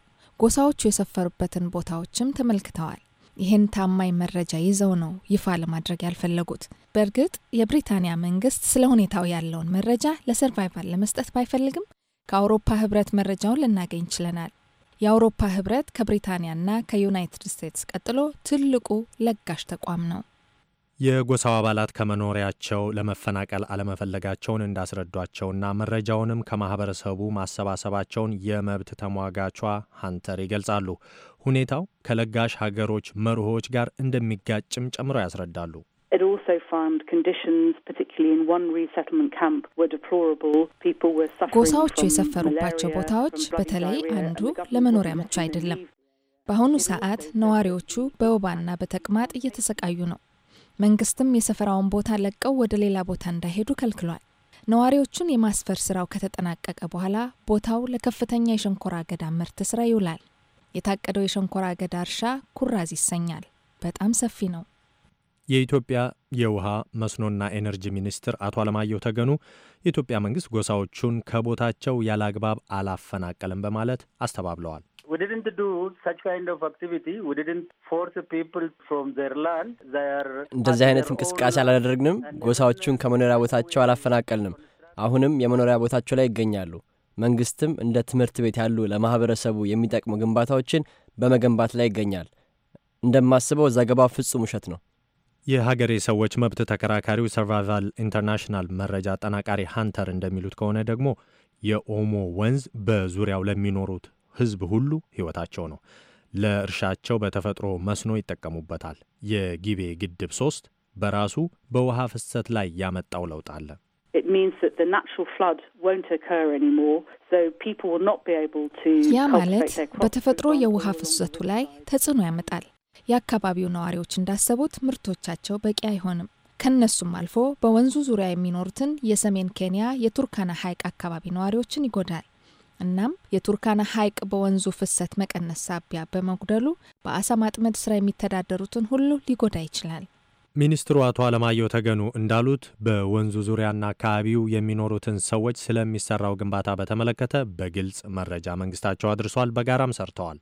ጎሳዎቹ የሰፈሩበትን ቦታዎችም ተመልክተዋል። ይህን ታማኝ መረጃ ይዘው ነው ይፋ ለማድረግ ያልፈለጉት። በእርግጥ የብሪታንያ መንግስት ስለ ሁኔታው ያለውን መረጃ ለሰርቫይቫል ለመስጠት ባይፈልግም ከአውሮፓ ህብረት መረጃውን ልናገኝ ችለናል። የአውሮፓ ህብረት ከብሪታንያና ከዩናይትድ ስቴትስ ቀጥሎ ትልቁ ለጋሽ ተቋም ነው። የጎሳው አባላት ከመኖሪያቸው ለመፈናቀል አለመፈለጋቸውን እንዳስረዷቸውና መረጃውንም ከማህበረሰቡ ማሰባሰባቸውን የመብት ተሟጋቿ ሀንተር ይገልጻሉ። ሁኔታው ከለጋሽ ሀገሮች መርሆች ጋር እንደሚጋጭም ጨምረው ያስረዳሉ። also found conditions, particularly in one resettlement camp, were deplorable. People were suffering ጎሳዎቹ የሰፈሩባቸው ቦታዎች በተለይ አንዱ ለመኖሪያ ምቹ አይደለም። በአሁኑ ሰዓት ነዋሪዎቹ በወባና በተቅማጥ እየተሰቃዩ ነው። መንግስትም የሰፈራውን ቦታ ለቀው ወደ ሌላ ቦታ እንዳይሄዱ ከልክሏል። ነዋሪዎቹን የማስፈር ስራው ከተጠናቀቀ በኋላ ቦታው ለከፍተኛ የሸንኮራ አገዳ ምርት ስራ ይውላል። የታቀደው የሸንኮራ አገዳ እርሻ ኩራዝ ይሰኛል። በጣም ሰፊ ነው። የኢትዮጵያ የውሃ መስኖና ኤነርጂ ሚኒስትር አቶ አለማየሁ ተገኑ የኢትዮጵያ መንግስት ጎሳዎቹን ከቦታቸው ያለ አግባብ አላፈናቀልም በማለት አስተባብለዋል። እንደዚህ አይነት እንቅስቃሴ አላደረግንም። ጎሳዎቹን ከመኖሪያ ቦታቸው አላፈናቀልንም። አሁንም የመኖሪያ ቦታቸው ላይ ይገኛሉ። መንግስትም እንደ ትምህርት ቤት ያሉ ለማህበረሰቡ የሚጠቅሙ ግንባታዎችን በመገንባት ላይ ይገኛል። እንደማስበው ዘገባው ፍጹም ውሸት ነው። የሀገሬ ሰዎች መብት ተከራካሪው ሰርቫይቫል ኢንተርናሽናል መረጃ አጠናቃሪ ሃንተር እንደሚሉት ከሆነ ደግሞ የኦሞ ወንዝ በዙሪያው ለሚኖሩት ሕዝብ ሁሉ ሕይወታቸው ነው። ለእርሻቸው በተፈጥሮ መስኖ ይጠቀሙበታል። የጊቤ ግድብ ሶስት በራሱ በውሃ ፍሰት ላይ ያመጣው ለውጥ አለ። ያ ማለት በተፈጥሮ የውሃ ፍሰቱ ላይ ተጽዕኖ ያመጣል። የአካባቢው ነዋሪዎች እንዳሰቡት ምርቶቻቸው በቂ አይሆንም። ከነሱም አልፎ በወንዙ ዙሪያ የሚኖሩትን የሰሜን ኬንያ የቱርካና ሐይቅ አካባቢ ነዋሪዎችን ይጎዳል። እናም የቱርካና ሐይቅ በወንዙ ፍሰት መቀነስ ሳቢያ በመጉደሉ በአሳ ማጥመድ ስራ የሚተዳደሩትን ሁሉ ሊጎዳ ይችላል። ሚኒስትሩ አቶ አለማየሁ ተገኑ እንዳሉት በወንዙ ዙሪያና አካባቢው የሚኖሩትን ሰዎች ስለሚሰራው ግንባታ በተመለከተ በግልጽ መረጃ መንግስታቸው አድርሷል። በጋራም ሰርተዋል።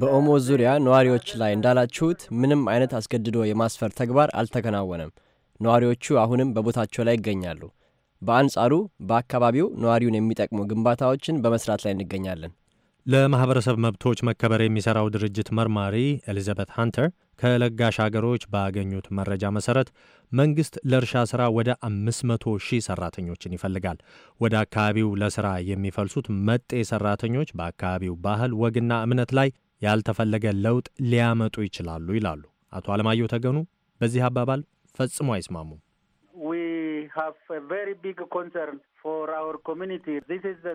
በኦሞ ዙሪያ ነዋሪዎች ላይ እንዳላችሁት ምንም አይነት አስገድዶ የማስፈር ተግባር አልተከናወነም። ነዋሪዎቹ አሁንም በቦታቸው ላይ ይገኛሉ። በአንጻሩ በአካባቢው ነዋሪውን የሚጠቅሙ ግንባታዎችን በመስራት ላይ እንገኛለን። ለማህበረሰብ መብቶች መከበር የሚሰራው ድርጅት መርማሪ ኤሊዛቤት ሃንተር ከለጋሽ አገሮች ባገኙት መረጃ መሰረት መንግስት ለእርሻ ሥራ ወደ 500 ሺህ ሠራተኞችን ይፈልጋል። ወደ አካባቢው ለሥራ የሚፈልሱት መጤ ሠራተኞች በአካባቢው ባህል፣ ወግና እምነት ላይ ያልተፈለገ ለውጥ ሊያመጡ ይችላሉ ይላሉ። አቶ አለማየሁ ተገኑ በዚህ አባባል ፈጽሞ አይስማሙም።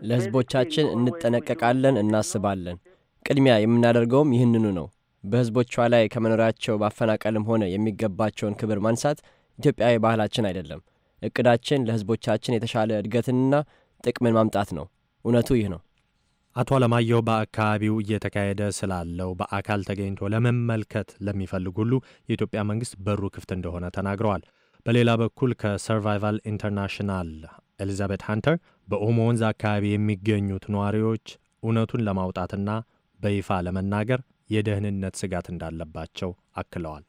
ለህዝቦቻችን እንጠነቀቃለን፣ እናስባለን። ቅድሚያ የምናደርገውም ይህንኑ ነው። በህዝቦቿ ላይ ከመኖሪያቸው ማፈናቀልም ሆነ የሚገባቸውን ክብር ማንሳት ኢትዮጵያዊ ባህላችን አይደለም። እቅዳችን ለህዝቦቻችን የተሻለ እድገትንና ጥቅምን ማምጣት ነው። እውነቱ ይህ ነው። አቶ አለማየሁ በአካባቢው እየተካሄደ ስላለው በአካል ተገኝቶ ለመመልከት ለሚፈልግ ሁሉ የኢትዮጵያ መንግስት በሩ ክፍት እንደሆነ ተናግረዋል። በሌላ በኩል ከሰርቫይቫል ኢንተርናሽናል ኤሊዛቤት ሃንተር በኦሞ ወንዝ አካባቢ የሚገኙት ነዋሪዎች እውነቱን ለማውጣትና በይፋ ለመናገር የደህንነት ስጋት እንዳለባቸው አክለዋል።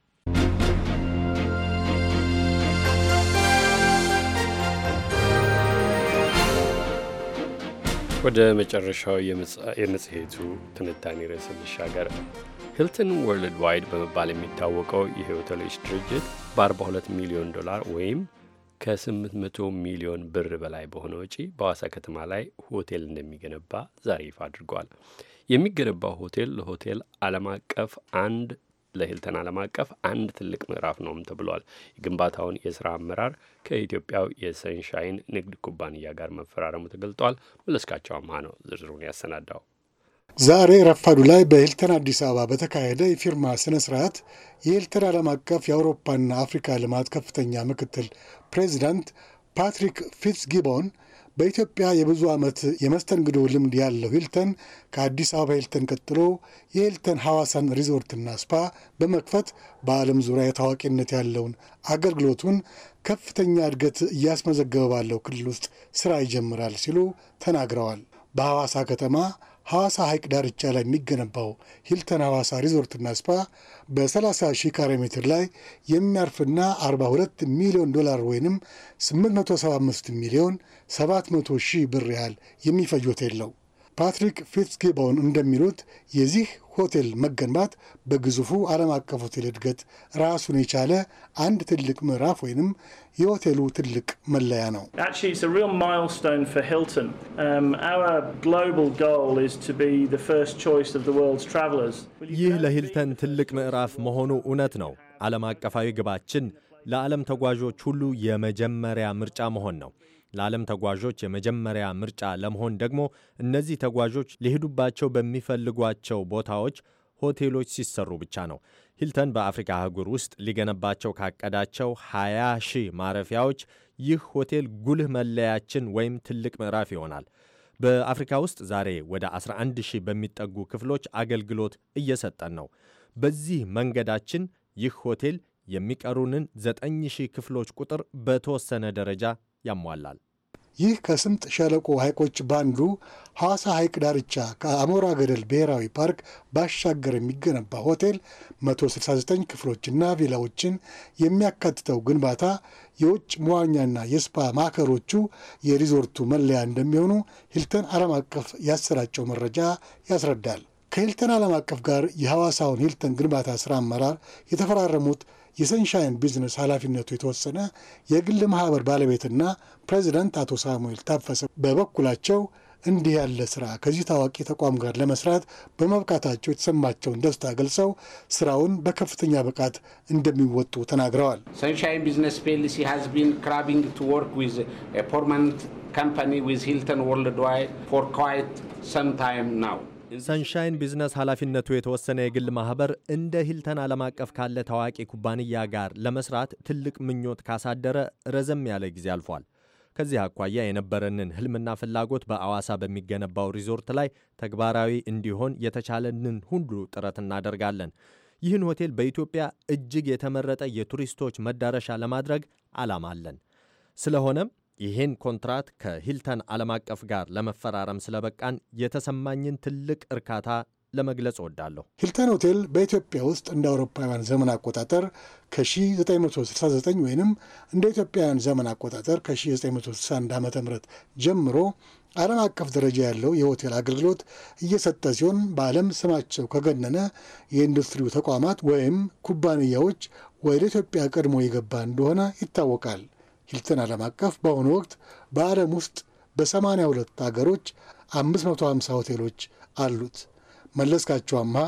ወደ መጨረሻው የመጽሔቱ ትንታኔ ርዕስ እንሻገር። ሂልተን ወርልድ ዋይድ በመባል የሚታወቀው የሆቴሎች ድርጅት በ42 ሚሊዮን ዶላር ወይም ከ800 ሚሊዮን ብር በላይ በሆነ ወጪ በሐዋሳ ከተማ ላይ ሆቴል እንደሚገነባ ዛሬ ይፋ አድርጓል። የሚገነባው ሆቴል ለሆቴል ዓለም አቀፍ አንድ ለሂልተን ዓለም አቀፍ አንድ ትልቅ ምዕራፍ ነውም ተብሏል። የግንባታውን የስራ አመራር ከኢትዮጵያው የሰንሻይን ንግድ ኩባንያ ጋር መፈራረሙ ተገልጧል። መለስካቸው አምሃ ነው ዝርዝሩን ያሰናዳው። ዛሬ ረፋዱ ላይ በሂልተን አዲስ አበባ በተካሄደ የፊርማ ስነ ስርዓት የሂልተን ዓለም አቀፍ የአውሮፓና አፍሪካ ልማት ከፍተኛ ምክትል ፕሬዚዳንት ፓትሪክ ፊትስጊቦን በኢትዮጵያ የብዙ ዓመት የመስተንግዶ ልምድ ያለው ሂልተን ከአዲስ አበባ ሂልተን ቀጥሎ የሂልተን ሐዋሳን ሪዞርትና ስፓ በመክፈት በዓለም ዙሪያ ታዋቂነት ያለውን አገልግሎቱን ከፍተኛ እድገት እያስመዘገበ ባለው ክልል ውስጥ ሥራ ይጀምራል ሲሉ ተናግረዋል። በሐዋሳ ከተማ ሐዋሳ ሐይቅ ዳርቻ ላይ የሚገነባው ሂልተን ሐዋሳ ሪዞርትና ስፓ በ30 ሺህ ካሬ ሜትር ላይ የሚያርፍና 42 ሚሊዮን ዶላር ወይንም 875 ሚሊዮን 700 ሺህ ብር ያህል የሚፈጅ ሆቴል ነው። ፓትሪክ ፊትስጊቦን እንደሚሉት የዚህ ሆቴል መገንባት በግዙፉ ዓለም አቀፍ ሆቴል እድገት ራሱን የቻለ አንድ ትልቅ ምዕራፍ ወይንም የሆቴሉ ትልቅ መለያ ነው። um, ይህ ለሂልተን ትልቅ ምዕራፍ መሆኑ እውነት ነው። ዓለም አቀፋዊ ግባችን ለዓለም ተጓዦች ሁሉ የመጀመሪያ ምርጫ መሆን ነው። ለዓለም ተጓዦች የመጀመሪያ ምርጫ ለመሆን ደግሞ እነዚህ ተጓዦች ሊሄዱባቸው በሚፈልጓቸው ቦታዎች ሆቴሎች ሲሰሩ ብቻ ነው። ሂልተን በአፍሪካ አህጉር ውስጥ ሊገነባቸው ካቀዳቸው 20 ሺህ ማረፊያዎች ይህ ሆቴል ጉልህ መለያችን ወይም ትልቅ ምዕራፍ ይሆናል። በአፍሪካ ውስጥ ዛሬ ወደ 11 ሺህ በሚጠጉ ክፍሎች አገልግሎት እየሰጠን ነው። በዚህ መንገዳችን ይህ ሆቴል የሚቀሩንን 9 ሺህ ክፍሎች ቁጥር በተወሰነ ደረጃ ያሟላል። ይህ ከስምጥ ሸለቆ ሐይቆች በአንዱ ሐዋሳ ሐይቅ ዳርቻ ከአሞራ ገደል ብሔራዊ ፓርክ ባሻገር የሚገነባ ሆቴል 169 ክፍሎችና ቪላዎችን የሚያካትተው ግንባታ የውጭ መዋኛና የስፓ ማዕከሎቹ የሪዞርቱ መለያ እንደሚሆኑ ሂልተን ዓለም አቀፍ ያሰራጨው መረጃ ያስረዳል። ከሂልተን ዓለም አቀፍ ጋር የሐዋሳውን ሂልተን ግንባታ ሥራ አመራር የተፈራረሙት የሰንሻይን ቢዝነስ ኃላፊነቱ የተወሰነ የግል ማህበር ባለቤትና ፕሬዚዳንት አቶ ሳሙኤል ታፈሰ በበኩላቸው እንዲህ ያለ ስራ ከዚህ ታዋቂ ተቋም ጋር ለመስራት በመብቃታቸው የተሰማቸውን ደስታ ገልጸው ስራውን በከፍተኛ ብቃት እንደሚወጡ ተናግረዋል። ሰንሻይን ቢዝነስ ፒኤልሲ ሃዝ ቢን ክራቢንግ ቱ ወርክ ዊዝ ፖርማንት ካምፓኒ ዊዝ ሂልተን ወርልድ ዋይድ ፎር ኳይት ሰም ታይም ናው ሰንሻይን ቢዝነስ ኃላፊነቱ የተወሰነ የግል ማህበር እንደ ሂልተን ዓለም አቀፍ ካለ ታዋቂ ኩባንያ ጋር ለመስራት ትልቅ ምኞት ካሳደረ ረዘም ያለ ጊዜ አልፏል። ከዚህ አኳያ የነበረንን ህልምና ፍላጎት በአዋሳ በሚገነባው ሪዞርት ላይ ተግባራዊ እንዲሆን የተቻለንን ሁሉ ጥረት እናደርጋለን። ይህን ሆቴል በኢትዮጵያ እጅግ የተመረጠ የቱሪስቶች መዳረሻ ለማድረግ ዓላማ አለን። ስለሆነም ይህን ኮንትራት ከሂልተን ዓለም አቀፍ ጋር ለመፈራረም ስለበቃን የተሰማኝን ትልቅ እርካታ ለመግለጽ እወዳለሁ። ሂልተን ሆቴል በኢትዮጵያ ውስጥ እንደ አውሮፓውያን ዘመን አቆጣጠር ከ1969 ወይም እንደ ኢትዮጵያውያን ዘመን አቆጣጠር ከ1961 ዓ ም ጀምሮ ዓለም አቀፍ ደረጃ ያለው የሆቴል አገልግሎት እየሰጠ ሲሆን በዓለም ስማቸው ከገነነ የኢንዱስትሪው ተቋማት ወይም ኩባንያዎች ወደ ኢትዮጵያ ቀድሞ የገባ እንደሆነ ይታወቃል። ሂልተን ዓለም አቀፍ በአሁኑ ወቅት በዓለም ውስጥ በሰማንያ ሁለት አገሮች 550 ሆቴሎች አሉት። መለስካቸው አምሃ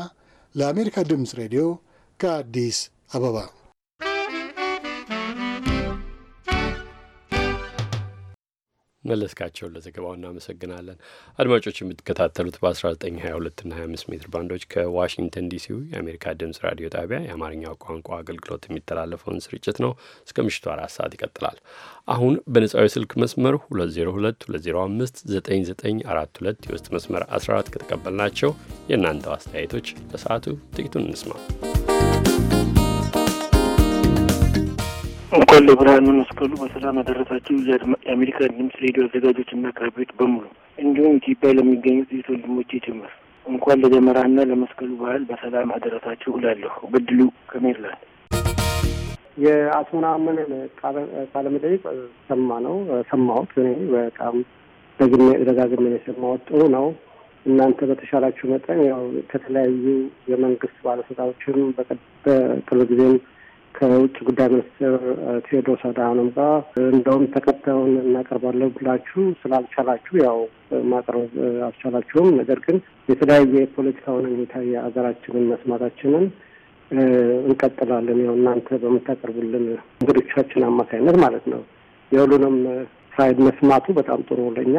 ለአሜሪካ ድምፅ ሬዲዮ ከአዲስ አበባ መለስካቸውን ለዘገባው እናመሰግናለን። አድማጮች የምትከታተሉት በ1922 እና 25 ሜትር ባንዶች ከዋሽንግተን ዲሲው የአሜሪካ ድምጽ ራዲዮ ጣቢያ የአማርኛው ቋንቋ አገልግሎት የሚተላለፈውን ስርጭት ነው። እስከ ምሽቱ አራት ሰዓት ይቀጥላል። አሁን በነጻዊ ስልክ መስመር 2022059942 የውስጥ መስመር 14 ከተቀበልናቸው የእናንተው አስተያየቶች ለሰዓቱ ጥቂቱን እንስማ። እንኳን ለብርሃነ መስቀሉ በሰላም አደረሳችሁ። የአሜሪካ ድምፅ ሬዲዮ አዘጋጆች አዘጋጆችና አቅራቢዎች በሙሉ እንዲሁም ኢትዮጵያ ለሚገኙት ሴት ወንድሞቼ ጭምር እንኳን ለደመራና ለመስቀሉ በዓል በሰላም አደረሳችሁ እላለሁ። በድሉ ከሜርላንድ የአቶ ምናምን ቃለ መጠይቅ ሰማ ነው ሰማሁት። እኔ በጣም ደግሜ ደጋግሜ የሰማሁት ጥሩ ነው። እናንተ በተሻላችሁ መጠን ያው ከተለያዩ የመንግስት ባለስልጣኖችም በቅርብ ጊዜም ከውጭ ጉዳይ ሚኒስትር ቴዎድሮስ አድሃኖም ጋር እንደውም ተከታዩን እናቀርባለን ብላችሁ ስላልቻላችሁ ያው ማቅረብ አልቻላችሁም። ነገር ግን የተለያየ የፖለቲካውን ሁኔታ የሀገራችንን መስማታችንን እንቀጥላለን። ያው እናንተ በምታቀርቡልን እንግዶቻችን አማካኝነት ማለት ነው። የሁሉንም ሳይድ መስማቱ በጣም ጥሩ ለኛ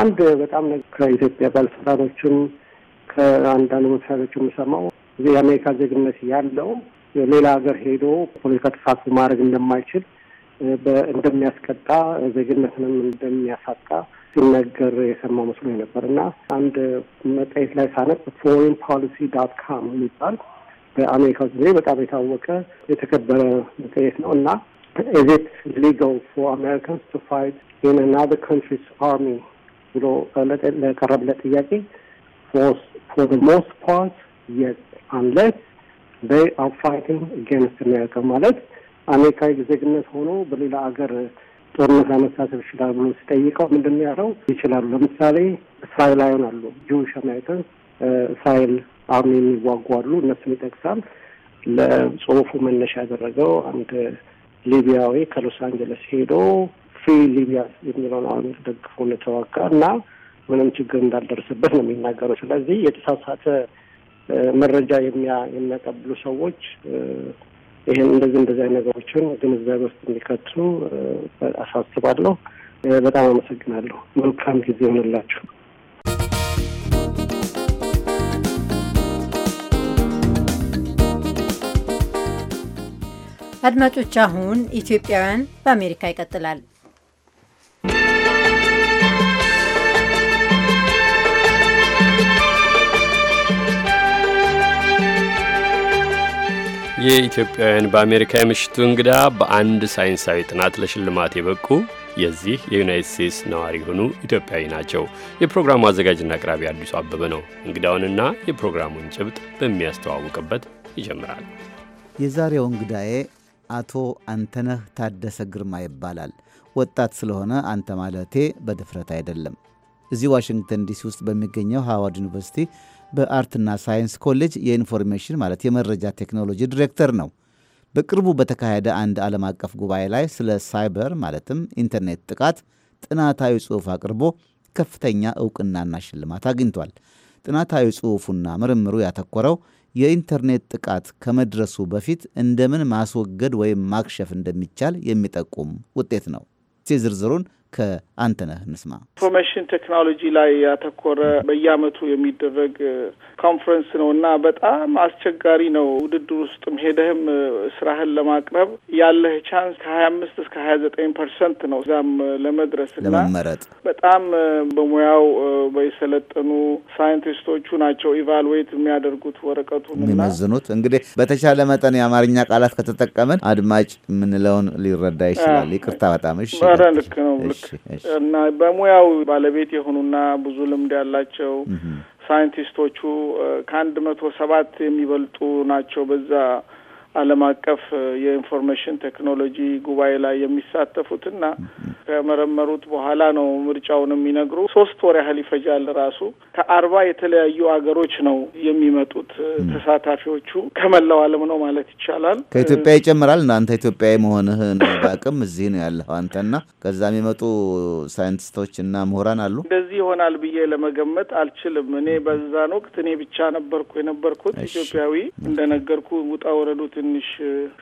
አንድ በጣም ከኢትዮጵያ ባለስልጣኖችም ከአንዳንድ መስሪያ ቤቶች የምሰማው የአሜሪካ ዜግነት ያለው ሌላ ሀገር ሄዶ ፖለቲካ ተሳትፎ ማድረግ እንደማይችል እንደሚያስቀጣ፣ ዜግነትንም እንደሚያሳጣ ሲነገር የሰማው መስሎ ነበር እና አንድ መጽሔት ላይ ሳነብ ፎሬን ፖሊሲ ዳት ካም የሚባል በአሜሪካ ጊዜ በጣም የታወቀ የተከበረ መጽሔት ነው እና ኢዝ ኢት ሊጋል ፎር አሜሪካንስ ቱ ፋይት ኢን አናዘር ካንትሪስ አርሚ ብሎ ለቀረበለት ጥያቄ ፎር ዘ ሞስት ፓርት የስ አንለስ they are fighting against America ማለት አሜሪካዊ ዜግነት ሆኖ በሌላ ሀገር ጦርነት ለመሳተፍ ይችላል ብሎ ሲጠይቀው ምንድን ነው ያለው? ይችላሉ። ለምሳሌ እስራኤላውያን አሉ፣ ጂዊሽ አሜሪካን እስራኤል አርሚ የሚዋጉ አሉ። እነሱን ይጠቅሳል። ለጽሁፉ መነሻ ያደረገው አንድ ሊቢያዊ ከሎስ አንጀለስ ሄዶ ፍሪ ሊቢያ የሚለውን አሁን ደግፎ ተዋጋ እና ምንም ችግር እንዳልደረሰበት ነው የሚናገረው። ስለዚህ የተሳሳተ መረጃ የሚያቀብሉ ሰዎች ይህን እንደዚህ እንደዚህ ነገሮችን ግንዛቤ ውስጥ እንዲከቱ አሳስባለሁ። በጣም አመሰግናለሁ። መልካም ጊዜ ይሆንላችሁ። አድማጮች፣ አሁን ኢትዮጵያውያን በአሜሪካ ይቀጥላል። የኢትዮጵያውያን በአሜሪካ የምሽቱ እንግዳ በአንድ ሳይንሳዊ ጥናት ለሽልማት የበቁ የዚህ የዩናይት ስቴትስ ነዋሪ የሆኑ ኢትዮጵያዊ ናቸው። የፕሮግራሙ አዘጋጅና አቅራቢ አዲሱ አበበ ነው። እንግዳውንና የፕሮግራሙን ጭብጥ በሚያስተዋውቅበት ይጀምራል። የዛሬው እንግዳዬ አቶ አንተነህ ታደሰ ግርማ ይባላል። ወጣት ስለሆነ አንተ ማለቴ በድፍረት አይደለም። እዚህ ዋሽንግተን ዲሲ ውስጥ በሚገኘው ሃዋርድ ዩኒቨርሲቲ በአርትና ሳይንስ ኮሌጅ የኢንፎርሜሽን ማለት የመረጃ ቴክኖሎጂ ዲሬክተር ነው። በቅርቡ በተካሄደ አንድ ዓለም አቀፍ ጉባኤ ላይ ስለ ሳይበር ማለትም ኢንተርኔት ጥቃት ጥናታዊ ጽሑፍ አቅርቦ ከፍተኛ እውቅናና ሽልማት አግኝቷል። ጥናታዊ ጽሑፉና ምርምሩ ያተኮረው የኢንተርኔት ጥቃት ከመድረሱ በፊት እንደምን ማስወገድ ወይም ማክሸፍ እንደሚቻል የሚጠቁም ውጤት ነው። ዝርዝሩን ከአንተነህ እንስማ። ኢንፎርሜሽን ቴክኖሎጂ ላይ ያተኮረ በየአመቱ የሚደረግ ኮንፈረንስ ነው እና በጣም አስቸጋሪ ነው። ውድድር ውስጥም ሄደህም ስራህን ለማቅረብ ያለህ ቻንስ ከሀያ አምስት እስከ ሀያ ዘጠኝ ፐርሰንት ነው። እዛም ለመድረስ ለመመረጥ በጣም በሙያው በየሰለጠኑ ሳይንቲስቶቹ ናቸው ኢቫልዌት የሚያደርጉት ወረቀቱን የሚመዝኑት። እንግዲህ በተቻለ መጠን የአማርኛ ቃላት ከተጠቀምን አድማጭ የምንለውን ሊረዳ ይችላል። ይቅርታ በጣም እሺ። ልክ ነው ልክ እና በሙያው ባለቤት የሆኑና ብዙ ልምድ ያላቸው ሳይንቲስቶቹ ከአንድ መቶ ሰባት የሚበልጡ ናቸው በዛ ዓለም አቀፍ የኢንፎርሜሽን ቴክኖሎጂ ጉባኤ ላይ የሚሳተፉትና ከመረመሩት በኋላ ነው ምርጫውን የሚነግሩ። ሶስት ወር ያህል ይፈጃል። ራሱ ከአርባ የተለያዩ አገሮች ነው የሚመጡት ተሳታፊዎቹ ከመላው ዓለም ነው ማለት ይቻላል። ከኢትዮጵያ ይጨምራል። እናንተ ኢትዮጵያዊ መሆንህን በአቅም እዚህ ነው ያለኸው አንተና ከዛ የሚመጡ ሳይንቲስቶች እና ምሁራን አሉ። እንደዚህ ይሆናል ብዬ ለመገመት አልችልም። እኔ በዛን ወቅት እኔ ብቻ ነበርኩ የነበርኩት ኢትዮጵያዊ እንደነገርኩ ውጣ ወረዱት ትንሽ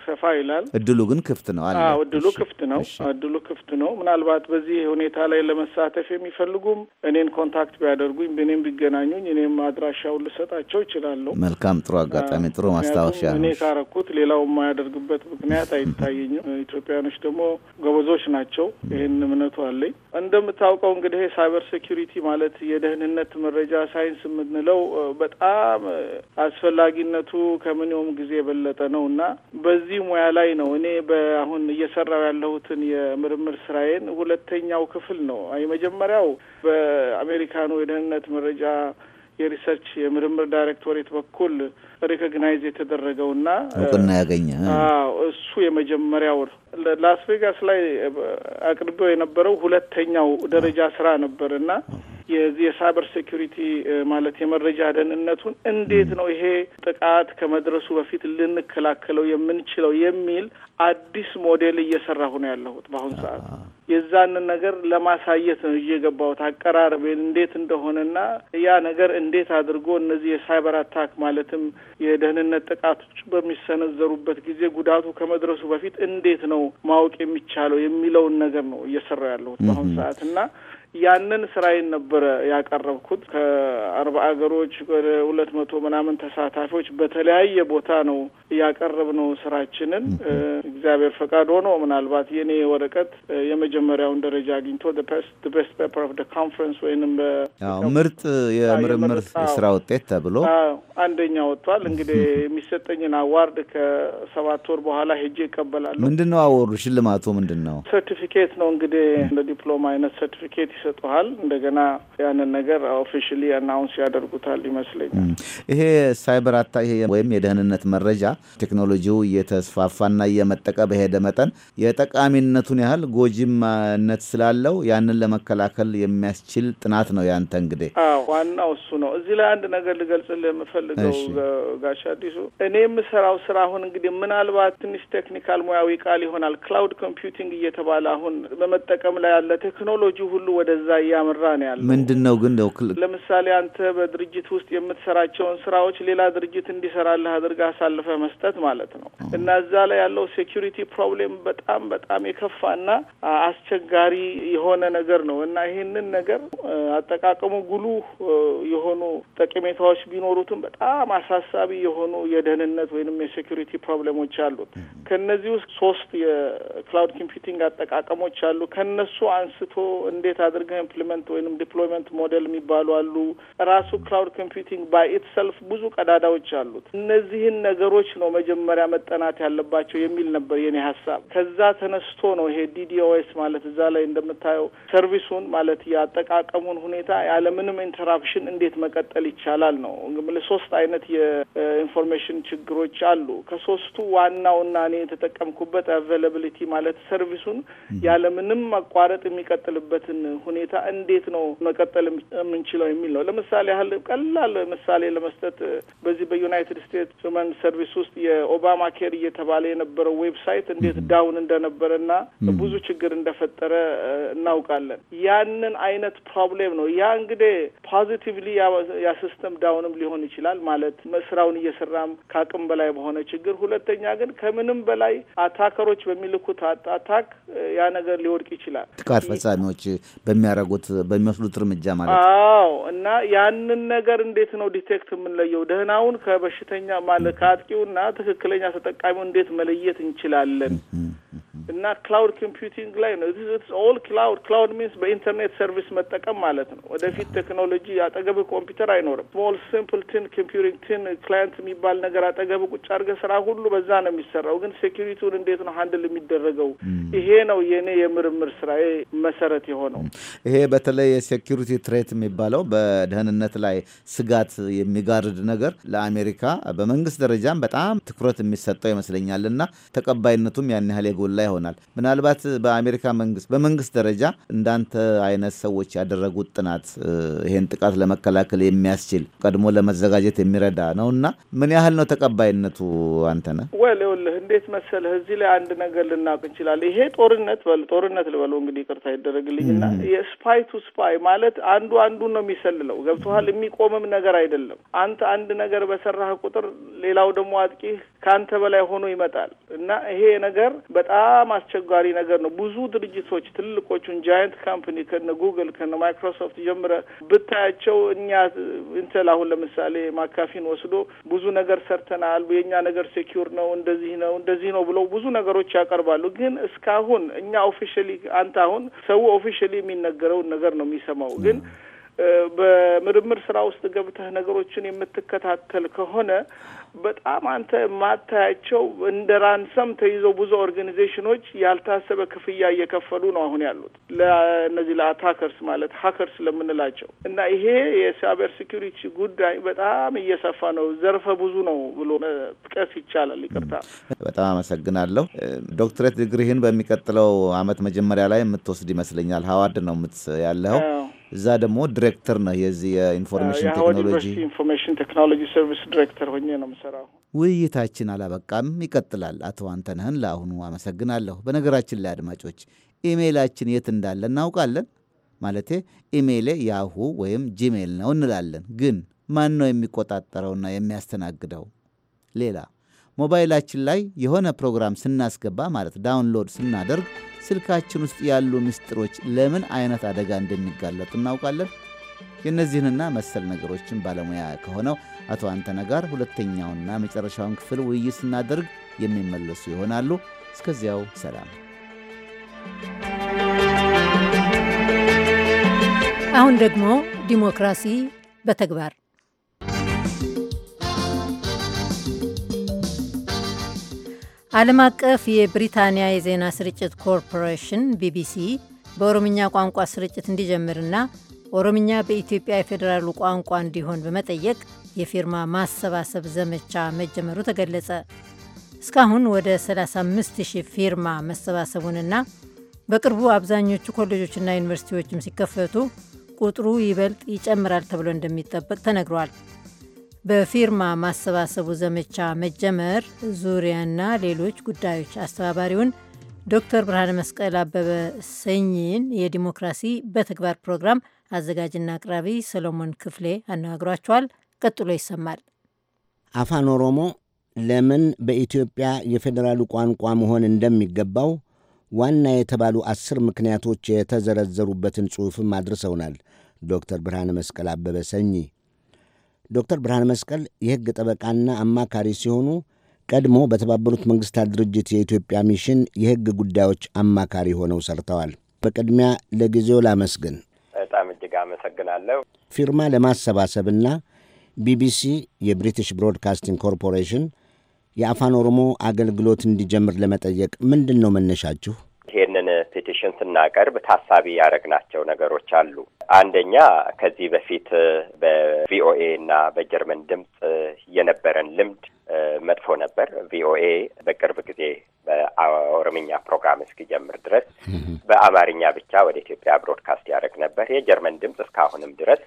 ሰፋ ይላል። እድሉ ግን ክፍት ነው አለ። አዎ እድሉ ክፍት ነው። እድሉ ክፍት ነው። ምናልባት በዚህ ሁኔታ ላይ ለመሳተፍ የሚፈልጉም እኔን ኮንታክት ቢያደርጉኝ፣ እኔም ቢገናኙኝ፣ እኔም አድራሻውን ልሰጣቸው ይችላለሁ። መልካም፣ ጥሩ አጋጣሚ፣ ጥሩ ማስታወሻ እኔ ካረኩት ሌላው የማያደርግበት ምክንያት አይታየኝም። ኢትዮጵያኖች ደግሞ ጎበዞች ናቸው። ይህን እምነቱ አለኝ። እንደምታውቀው እንግዲህ ሳይበር ሴኪሪቲ ማለት የደህንነት መረጃ ሳይንስ የምንለው በጣም አስፈላጊነቱ ከምንም ጊዜ የበለጠ ነው እና በዚህ ሙያ ላይ ነው እኔ በአሁን እየሰራው ያለሁትን የምርምር ስራዬን ሁለተኛው ክፍል ነው። የመጀመሪያው በአሜሪካኑ የደህንነት መረጃ የሪሰርች የምርምር ዳይሬክቶሬት በኩል ሪኮግናይዝ የተደረገውና እውቅና ያገኘ እሱ የመጀመሪያው ላስ ቬጋስ ላይ አቅርቤው የነበረው ሁለተኛው ደረጃ ስራ ነበር እና የሳይበር ሴኩሪቲ ማለት የመረጃ ደህንነቱን እንዴት ነው ይሄ ጥቃት ከመድረሱ በፊት ልንከላከለው የምንችለው የሚል አዲስ ሞዴል እየሰራሁ ነው ያለሁት በአሁኑ ሰዓት። የዛንን ነገር ለማሳየት ነው እየገባሁት አቀራረቤን እንዴት እንደሆነና ያ ነገር እንዴት አድርጎ እነዚህ የሳይበር አታክ ማለትም የደህንነት ጥቃቶች በሚሰነዘሩበት ጊዜ ጉዳቱ ከመድረሱ በፊት እንዴት ነው ማወቅ የሚቻለው የሚለውን ነገር ነው እየሰራ ያለሁት በአሁኑ ሰዓት እና ያንን ስራዬን ነበረ ያቀረብኩት። ከአርባ አገሮች ወደ ሁለት መቶ ምናምን ተሳታፊዎች በተለያየ ቦታ ነው ያቀረብነው ስራችንን። እግዚአብሔር ፈቃድ ሆኖ ምናልባት የኔ ወረቀት የመጀመሪያውን ደረጃ አግኝቶ ቤስት ፔፐር ኦፍ ኮንፈረንስ ወይንም ምርጥ የምርምር ስራ ውጤት ተብሎ አንደኛ ወጥቷል። እንግዲህ የሚሰጠኝን አዋርድ ከሰባት ወር በኋላ ሄጄ ይቀበላሉ። ምንድን ነው አወሩ? ሽልማቱ ምንድን ነው? ሰርቲፊኬት ነው እንግዲህ እንደ ዲፕሎማ አይነት ሰርቲፊኬት ይሰጡሃል። እንደገና ያንን ነገር ኦፊሻሊ አናውንስ ያደርጉታል ይመስለኛል። ይሄ ሳይበር አታ ወይም የደህንነት መረጃ ቴክኖሎጂው እየተስፋፋና እየመጠቀ በሄደ መጠን የጠቃሚነቱን ያህል ጎጂማነት ስላለው ያንን ለመከላከል የሚያስችል ጥናት ነው ያንተ እንግዲህ ዋናው እሱ ነው። እዚህ ላይ አንድ ነገር ልገልጽልህ የምፈልገው ጋሻ አዲሱ፣ እኔ የምሰራው ስራ አሁን እንግዲህ ምናልባት ትንሽ ቴክኒካል ሙያዊ ቃል ይሆናል ክላውድ ኮምፒውቲንግ እየተባለ አሁን በመጠቀም ላይ ያለ ቴክኖሎጂ ሁሉ ወደ ወደዛ እያመራ ነው ያለ። ምንድን ነው ግን ው ለምሳሌ አንተ በድርጅት ውስጥ የምትሰራቸውን ስራዎች ሌላ ድርጅት እንዲሰራልህ አድርገህ አሳልፈህ መስጠት ማለት ነው እና እዛ ላይ ያለው ሴኪሪቲ ፕሮብሌም በጣም በጣም የከፋና አስቸጋሪ የሆነ ነገር ነው እና ይህንን ነገር አጠቃቀሙ ጉልህ የሆኑ ጠቀሜታዎች ቢኖሩትም በጣም አሳሳቢ የሆኑ የደህንነት ወይንም የሴኪሪቲ ፕሮብሌሞች አሉት። ከእነዚህ ውስጥ ሶስት የክላውድ ኮምፒውቲንግ አጠቃቀሞች አሉ። ከነሱ አንስቶ እንዴት አድር አድርገው ኢምፕሊመንት ወይንም ዲፕሎይመንት ሞዴል የሚባሉ አሉ። ራሱ ክላውድ ኮምፒውቲንግ ባይ ኢትሰልፍ ብዙ ቀዳዳዎች አሉት። እነዚህን ነገሮች ነው መጀመሪያ መጠናት ያለባቸው የሚል ነበር የኔ ሀሳብ። ከዛ ተነስቶ ነው ይሄ ዲዲኦኤስ ማለት እዛ ላይ እንደምታየው ሰርቪሱን ማለት የአጠቃቀሙን ሁኔታ ያለምንም ኢንተራፕሽን እንዴት መቀጠል ይቻላል ነው። ሶስት አይነት የኢንፎርሜሽን ችግሮች አሉ። ከሶስቱ ዋናውና እኔ የተጠቀምኩበት አቬላብሊቲ ማለት ሰርቪሱን ያለምንም ማቋረጥ የሚቀጥልበትን ሁኔታ እንዴት ነው መቀጠል የምንችለው የሚል ነው። ለምሳሌ ያህል ቀላል ምሳሌ ለመስጠት በዚህ በዩናይትድ ስቴትስ ሁመን ሰርቪስ ውስጥ የኦባማ ኬር እየተባለ የነበረው ዌብሳይት እንዴት ዳውን እንደነበረ እና ብዙ ችግር እንደፈጠረ እናውቃለን። ያንን አይነት ፕሮብሌም ነው። ያ እንግዲህ ፖዚቲቭሊ ያ ሲስተም ዳውንም ሊሆን ይችላል ማለት ስራውን እየሰራም ከአቅም በላይ በሆነ ችግር። ሁለተኛ ግን ከምንም በላይ አታከሮች በሚልኩት አታክ ያ ነገር ሊወድቅ ይችላል። ጥቃት ፈጻሚዎች በሚ በሚያደርጉት በሚወስዱት እርምጃ ማለት አዎ። እና ያንን ነገር እንዴት ነው ዲቴክት የምንለየው? ደህናውን ከበሽተኛ ማለት ከአጥቂውና ትክክለኛ ተጠቃሚው እንዴት መለየት እንችላለን? እና ክላውድ ኮምፒውቲንግ ላይ ነው። ኢትስ ኦል ክላውድ ክላውድ ሚንስ በኢንተርኔት ሰርቪስ መጠቀም ማለት ነው። ወደፊት ቴክኖሎጂ አጠገብ ኮምፒውተር አይኖርም። ስሞል ሲምፕል ቲን ኮምፒውቲንግ ቲን ክላይንት የሚባል ነገር አጠገብ ቁጭ አድርገህ ስራ ሁሉ በዛ ነው የሚሰራው። ግን ሴኪሪቲውን እንዴት ነው ሀንድል የሚደረገው? ይሄ ነው የእኔ የምርምር ስራዬ መሰረት የሆነው። ይሄ በተለይ የሴኪሪቲ ትሬት የሚባለው በደህንነት ላይ ስጋት የሚጋርድ ነገር ለአሜሪካ በመንግስት ደረጃም በጣም ትኩረት የሚሰጠው ይመስለኛል እና ተቀባይነቱም ያን ያህል የጎላ ይሆናል። ምናልባት በአሜሪካ መንግስት በመንግስት ደረጃ እንዳንተ አይነት ሰዎች ያደረጉት ጥናት ይሄን ጥቃት ለመከላከል የሚያስችል ቀድሞ ለመዘጋጀት የሚረዳ ነው እና ምን ያህል ነው ተቀባይነቱ? አንተ ነህ ወይ እንዴት መሰለህ፣ እዚህ ላይ አንድ ነገር ልናውቅ እንችላለን። ይሄ ጦርነት በል ጦርነት ልበለው እንግዲህ ይቅርታ ይደረግልኝና የስፓይ ቱ ስፓይ ማለት አንዱ አንዱን ነው የሚሰልለው። ገብቶሃል? የሚቆምም ነገር አይደለም። አንተ አንድ ነገር በሰራህ ቁጥር ሌላው ደግሞ አጥቂህ ከአንተ በላይ ሆኖ ይመጣል እና ይሄ ነገር በጣም በጣም አስቸጋሪ ነገር ነው። ብዙ ድርጅቶች ትልቆቹን ጃይንት ካምፕኒ ከነ ጉግል ከነ ማይክሮሶፍት ጀምረ ብታያቸው እኛ ኢንተል አሁን ለምሳሌ ማካፊን ወስዶ ብዙ ነገር ሰርተናል፣ የእኛ ነገር ሴኪር ነው፣ እንደዚህ ነው፣ እንደዚህ ነው ብለው ብዙ ነገሮች ያቀርባሉ። ግን እስካሁን እኛ ኦፊሻሊ አንተ አሁን ሰው ኦፊሻሊ የሚነገረውን ነገር ነው የሚሰማው ግን በምርምር ስራ ውስጥ ገብተህ ነገሮችን የምትከታተል ከሆነ በጣም አንተ የማታያቸው እንደ ራንሰም ተይዘው ብዙ ኦርጋኒዜሽኖች ያልታሰበ ክፍያ እየከፈሉ ነው አሁን ያሉት ለእነዚህ ለአታከርስ ማለት ሀከርስ ለምንላቸው እና ይሄ የሳይበር ሴኪሪቲ ጉዳይ በጣም እየሰፋ ነው። ዘርፈ ብዙ ነው ብሎ መጥቀስ ይቻላል። ይቅርታ፣ በጣም አመሰግናለሁ። ዶክትሬት ዲግሪህን በሚቀጥለው አመት መጀመሪያ ላይ የምትወስድ ይመስለኛል። ሀዋርድ ነው ያለኸው እዛ ደግሞ ዲሬክተር ነህ የዚህ የኢንፎርሜሽን ቴክኖሎጂ ኢንፎርሜሽን ቴክኖሎጂ ሰርቪስ ዲሬክተር ሆኜ ነው የምሰራው። ውይይታችን አላበቃም፣ ይቀጥላል። አቶ አንተነህን ለአሁኑ አመሰግናለሁ። በነገራችን ላይ አድማጮች ኢሜይላችን የት እንዳለ እናውቃለን። ማለቴ ኢሜይሌ ያሁ ወይም ጂሜይል ነው እንላለን። ግን ማን ነው የሚቆጣጠረውና የሚያስተናግደው? ሌላ ሞባይላችን ላይ የሆነ ፕሮግራም ስናስገባ ማለት ዳውንሎድ ስናደርግ ስልካችን ውስጥ ያሉ ምስጢሮች ለምን አይነት አደጋ እንደሚጋለጡ እናውቃለን። የእነዚህንና መሰል ነገሮችን ባለሙያ ከሆነው አቶ አንተነ ጋር ሁለተኛውና መጨረሻውን ክፍል ውይይት ስናደርግ የሚመለሱ ይሆናሉ። እስከዚያው ሰላም። አሁን ደግሞ ዲሞክራሲ በተግባር ዓለም አቀፍ የብሪታንያ የዜና ስርጭት ኮርፖሬሽን ቢቢሲ በኦሮምኛ ቋንቋ ስርጭት እንዲጀምርና ኦሮምኛ በኢትዮጵያ የፌዴራሉ ቋንቋ እንዲሆን በመጠየቅ የፊርማ ማሰባሰብ ዘመቻ መጀመሩ ተገለጸ። እስካሁን ወደ 35000 ፊርማ መሰባሰቡንና በቅርቡ አብዛኞቹ ኮሌጆችና ዩኒቨርሲቲዎችም ሲከፈቱ ቁጥሩ ይበልጥ ይጨምራል ተብሎ እንደሚጠበቅ ተነግሯል። በፊርማ ማሰባሰቡ ዘመቻ መጀመር ዙሪያና ሌሎች ጉዳዮች አስተባባሪውን ዶክተር ብርሃነ መስቀል አበበ ሰኝን የዲሞክራሲ በተግባር ፕሮግራም አዘጋጅና አቅራቢ ሰሎሞን ክፍሌ አነጋግሯቸዋል። ቀጥሎ ይሰማል። አፋን ኦሮሞ ለምን በኢትዮጵያ የፌዴራሉ ቋንቋ መሆን እንደሚገባው ዋና የተባሉ አስር ምክንያቶች የተዘረዘሩበትን ጽሑፍም አድርሰውናል ዶክተር ብርሃነ መስቀል አበበ ሰኚ ዶክተር ብርሃን መስቀል የሕግ ጠበቃና አማካሪ ሲሆኑ ቀድሞ በተባበሩት መንግስታት ድርጅት የኢትዮጵያ ሚሽን የሕግ ጉዳዮች አማካሪ ሆነው ሰርተዋል። በቅድሚያ ለጊዜው ላመስግን። በጣም እጅግ አመሰግናለሁ። ፊርማ ለማሰባሰብና ቢቢሲ የብሪቲሽ ብሮድካስቲንግ ኮርፖሬሽን የአፋን ኦሮሞ አገልግሎት እንዲጀምር ለመጠየቅ ምንድን ነው መነሻችሁ? ፔቲሽን ስናቀርብ ታሳቢ ያደረግናቸው ነገሮች አሉ። አንደኛ ከዚህ በፊት በቪኦኤ እና በጀርመን ድምፅ የነበረን ልምድ መጥፎ ነበር። ቪኦኤ በቅርብ ጊዜ በኦሮምኛ ፕሮግራም እስኪጀምር ድረስ በአማርኛ ብቻ ወደ ኢትዮጵያ ብሮድካስት ያደረግ ነበር። የጀርመን ድምፅ እስካሁንም ድረስ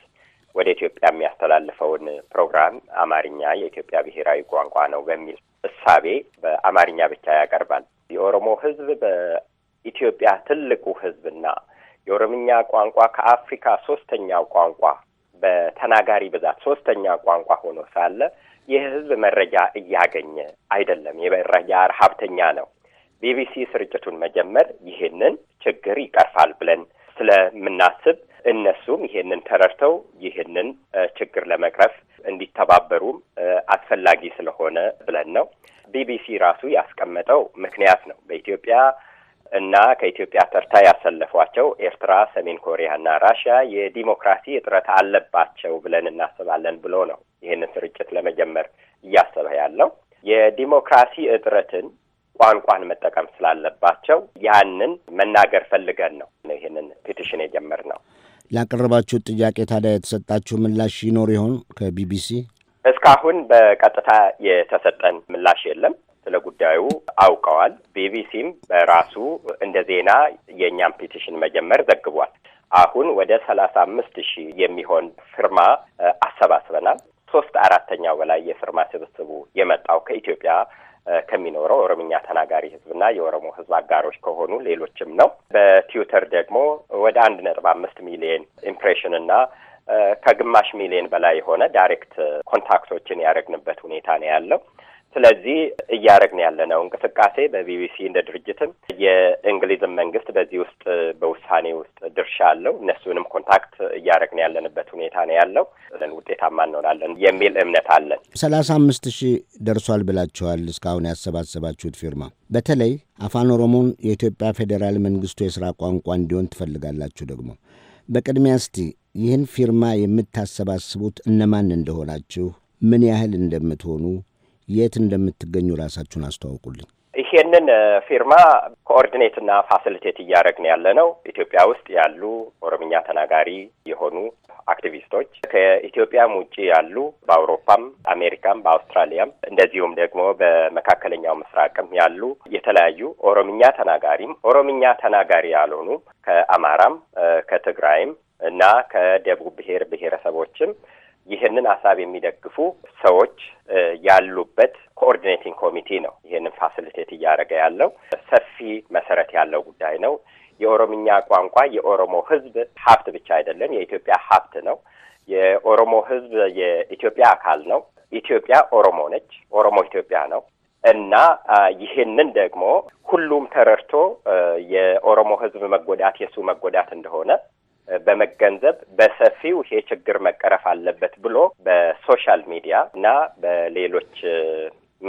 ወደ ኢትዮጵያ የሚያስተላልፈውን ፕሮግራም አማርኛ የኢትዮጵያ ብሔራዊ ቋንቋ ነው በሚል እሳቤ በአማርኛ ብቻ ያቀርባል። የኦሮሞ ሕዝብ ኢትዮጵያ ትልቁ ህዝብና የኦሮምኛ ቋንቋ ከአፍሪካ ሶስተኛው ቋንቋ በተናጋሪ ብዛት ሶስተኛ ቋንቋ ሆኖ ሳለ ይህ ህዝብ መረጃ እያገኘ አይደለም። የመረጃ ረሀብተኛ ነው። ቢቢሲ ስርጭቱን መጀመር ይህንን ችግር ይቀርፋል ብለን ስለምናስብ እነሱም ይሄንን ተረድተው ይህንን ችግር ለመቅረፍ እንዲተባበሩም አስፈላጊ ስለሆነ ብለን ነው። ቢቢሲ ራሱ ያስቀመጠው ምክንያት ነው። በኢትዮጵያ እና ከኢትዮጵያ ተርታ ያሰለፏቸው ኤርትራ፣ ሰሜን ኮሪያ እና ራሽያ የዲሞክራሲ እጥረት አለባቸው ብለን እናስባለን ብሎ ነው ይህንን ስርጭት ለመጀመር እያሰበ ያለው። የዲሞክራሲ እጥረትን ቋንቋን መጠቀም ስላለባቸው ያንን መናገር ፈልገን ነው ይህንን ፔቲሽን የጀመርነው። ላቀረባችሁ ጥያቄ ታዲያ የተሰጣችሁ ምላሽ ይኖር ይሆን? ከቢቢሲ እስካሁን በቀጥታ የተሰጠን ምላሽ የለም። ስለ ጉዳዩ አውቀዋል። ቢቢሲም በራሱ እንደ ዜና የእኛም ፒቲሽን መጀመር ዘግቧል። አሁን ወደ ሰላሳ አምስት ሺህ የሚሆን ፍርማ አሰባስበናል። ሶስት አራተኛው በላይ የፍርማ ስብስቡ የመጣው ከኢትዮጵያ ከሚኖረው ኦሮምኛ ተናጋሪ ህዝብና የኦሮሞ ህዝብ አጋሮች ከሆኑ ሌሎችም ነው። በትዊተር ደግሞ ወደ አንድ ነጥብ አምስት ሚሊየን ኢምፕሬሽን እና ከግማሽ ሚሊየን በላይ የሆነ ዳይሬክት ኮንታክቶችን ያደረግንበት ሁኔታ ነው ያለው። ስለዚህ እያደረግን ነው እንቅስቃሴ በቢቢሲ እንደ ድርጅትም የእንግሊዝን መንግስት በዚህ ውስጥ በውሳኔ ውስጥ ድርሻ አለው። እነሱንም ኮንታክት እያደረግን ያለንበት ሁኔታ ነው ያለው። ውጤታማ እንሆናለን የሚል እምነት አለን። ሰላሳ አምስት ሺህ ደርሷል ብላችኋል። እስካሁን ያሰባሰባችሁት ፊርማ በተለይ አፋን ኦሮሞን የኢትዮጵያ ፌዴራል መንግስቱ የስራ ቋንቋ እንዲሆን ትፈልጋላችሁ። ደግሞ በቅድሚያ እስቲ ይህን ፊርማ የምታሰባስቡት እነማን እንደሆናችሁ፣ ምን ያህል እንደምትሆኑ የት እንደምትገኙ ራሳችሁን አስተዋውቁልኝ። ይሄንን ፊርማ ኮኦርዲኔትና ፋሲሊቴት እያደረግን ያለ ነው። ኢትዮጵያ ውስጥ ያሉ ኦሮምኛ ተናጋሪ የሆኑ አክቲቪስቶች ከኢትዮጵያም ውጭ ያሉ በአውሮፓም፣ አሜሪካም፣ በአውስትራሊያም እንደዚሁም ደግሞ በመካከለኛው ምስራቅም ያሉ የተለያዩ ኦሮምኛ ተናጋሪም ኦሮምኛ ተናጋሪ ያልሆኑ ከአማራም ከትግራይም እና ከደቡብ ብሔር ብሔረሰቦችም ይህንን ሀሳብ የሚደግፉ ሰዎች ያሉበት ኮኦርዲኔቲንግ ኮሚቴ ነው ይህንን ፋሲሊቴት እያደረገ ያለው። ሰፊ መሰረት ያለው ጉዳይ ነው። የኦሮምኛ ቋንቋ የኦሮሞ ህዝብ ሀብት ብቻ አይደለም፣ የኢትዮጵያ ሀብት ነው። የኦሮሞ ህዝብ የኢትዮጵያ አካል ነው። ኢትዮጵያ ኦሮሞ ነች፣ ኦሮሞ ኢትዮጵያ ነው እና ይህንን ደግሞ ሁሉም ተረድቶ የኦሮሞ ህዝብ መጎዳት የእሱ መጎዳት እንደሆነ በመገንዘብ በሰፊው ይሄ ችግር መቀረፍ አለበት ብሎ በሶሻል ሚዲያ እና በሌሎች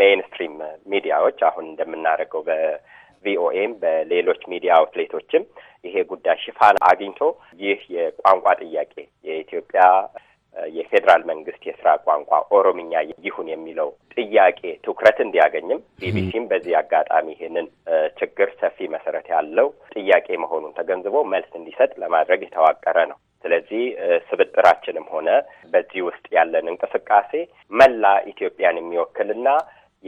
ሜይንስትሪም ሚዲያዎች አሁን እንደምናደርገው በቪኦኤም በሌሎች ሚዲያ አውትሌቶችም ይሄ ጉዳይ ሽፋን አግኝቶ ይህ የቋንቋ ጥያቄ የኢትዮጵያ የፌዴራል መንግስት የስራ ቋንቋ ኦሮምኛ ይሁን የሚለው ጥያቄ ትኩረት እንዲያገኝም ቢቢሲም በዚህ አጋጣሚ ይህንን ችግር ሰፊ መሰረት ያለው ጥያቄ መሆኑን ተገንዝቦ መልስ እንዲሰጥ ለማድረግ የተዋቀረ ነው። ስለዚህ ስብጥራችንም ሆነ በዚህ ውስጥ ያለን እንቅስቃሴ መላ ኢትዮጵያን የሚወክልና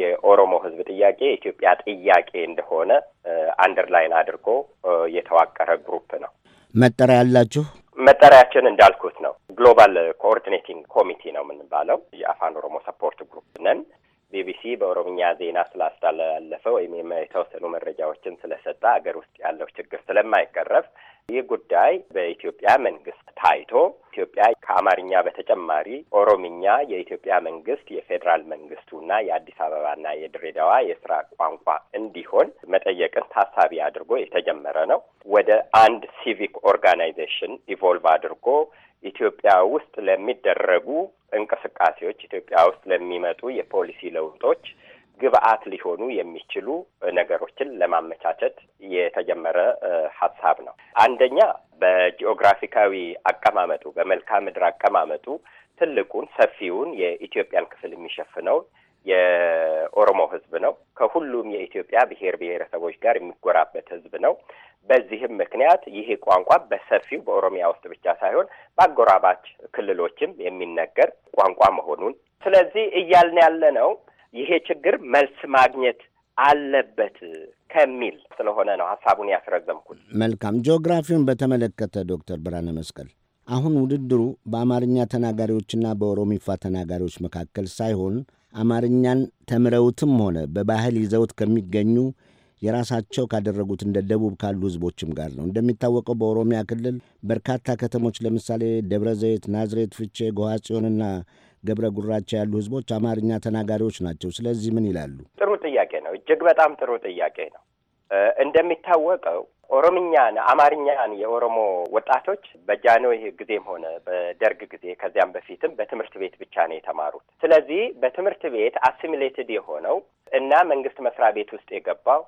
የኦሮሞ ሕዝብ ጥያቄ የኢትዮጵያ ጥያቄ እንደሆነ አንደርላይን አድርጎ የተዋቀረ ግሩፕ ነው። መጠሪያ ያላችሁ መጠሪያችን እንዳልኩት ነው። ግሎባል ኮኦርዲኔቲንግ ኮሚቴ ነው የምንባለው። የአፋን ኦሮሞ ሰፖርት ግሩፕ ነን። ቢቢሲ በኦሮምኛ ዜና ስላስተላለፈ ወይም የተወሰኑ መረጃዎችን ስለሰጠ አገር ውስጥ ያለው ችግር ስለማይቀረፍ ይህ ጉዳይ በኢትዮጵያ መንግስት ታይቶ ኢትዮጵያ ከአማርኛ በተጨማሪ ኦሮምኛ የኢትዮጵያ መንግስት የፌዴራል መንግስቱና የአዲስ አበባና የድሬዳዋ የስራ ቋንቋ እንዲሆን መጠየቅን ታሳቢ አድርጎ የተጀመረ ነው። ወደ አንድ ሲቪክ ኦርጋናይዜሽን ኢቮልቭ አድርጎ ኢትዮጵያ ውስጥ ለሚደረጉ እንቅስቃሴዎች፣ ኢትዮጵያ ውስጥ ለሚመጡ የፖሊሲ ለውጦች ግብአት ሊሆኑ የሚችሉ ነገሮችን ለማመቻቸት የተጀመረ ሀሳብ ነው። አንደኛ በጂኦግራፊካዊ አቀማመጡ በመልክዓ ምድር አቀማመጡ ትልቁን ሰፊውን የኢትዮጵያን ክፍል የሚሸፍነው የኦሮሞ ህዝብ ነው። ከሁሉም የኢትዮጵያ ብሔር ብሔረሰቦች ጋር የሚጎራበት ህዝብ ነው። በዚህም ምክንያት ይሄ ቋንቋ በሰፊው በኦሮሚያ ውስጥ ብቻ ሳይሆን በአጎራባች ክልሎችም የሚነገር ቋንቋ መሆኑን ስለዚህ እያልን ያለ ነው ይሄ ችግር መልስ ማግኘት አለበት ከሚል ስለሆነ ነው ሀሳቡን ያስረዘምኩት። መልካም። ጂኦግራፊውን በተመለከተ ዶክተር ብርሃነ መስቀል አሁን ውድድሩ በአማርኛ ተናጋሪዎችና በኦሮሚፋ ተናጋሪዎች መካከል ሳይሆን አማርኛን ተምረውትም ሆነ በባህል ይዘውት ከሚገኙ የራሳቸው ካደረጉት እንደ ደቡብ ካሉ ህዝቦችም ጋር ነው። እንደሚታወቀው በኦሮሚያ ክልል በርካታ ከተሞች ለምሳሌ ደብረ ዘይት፣ ናዝሬት፣ ፍቼ፣ ጎሐጽዮንና ገብረ ጉራቻ ያሉ ህዝቦች አማርኛ ተናጋሪዎች ናቸው። ስለዚህ ምን ይላሉ? ጥሩ ጥያቄ ነው። እጅግ በጣም ጥሩ ጥያቄ ነው። እንደሚታወቀው ኦሮምኛን፣ አማርኛን የኦሮሞ ወጣቶች በጃንሆይ ጊዜም ሆነ በደርግ ጊዜ ከዚያም በፊትም በትምህርት ቤት ብቻ ነው የተማሩት። ስለዚህ በትምህርት ቤት አሲሚሌትድ የሆነው እና መንግስት መስሪያ ቤት ውስጥ የገባው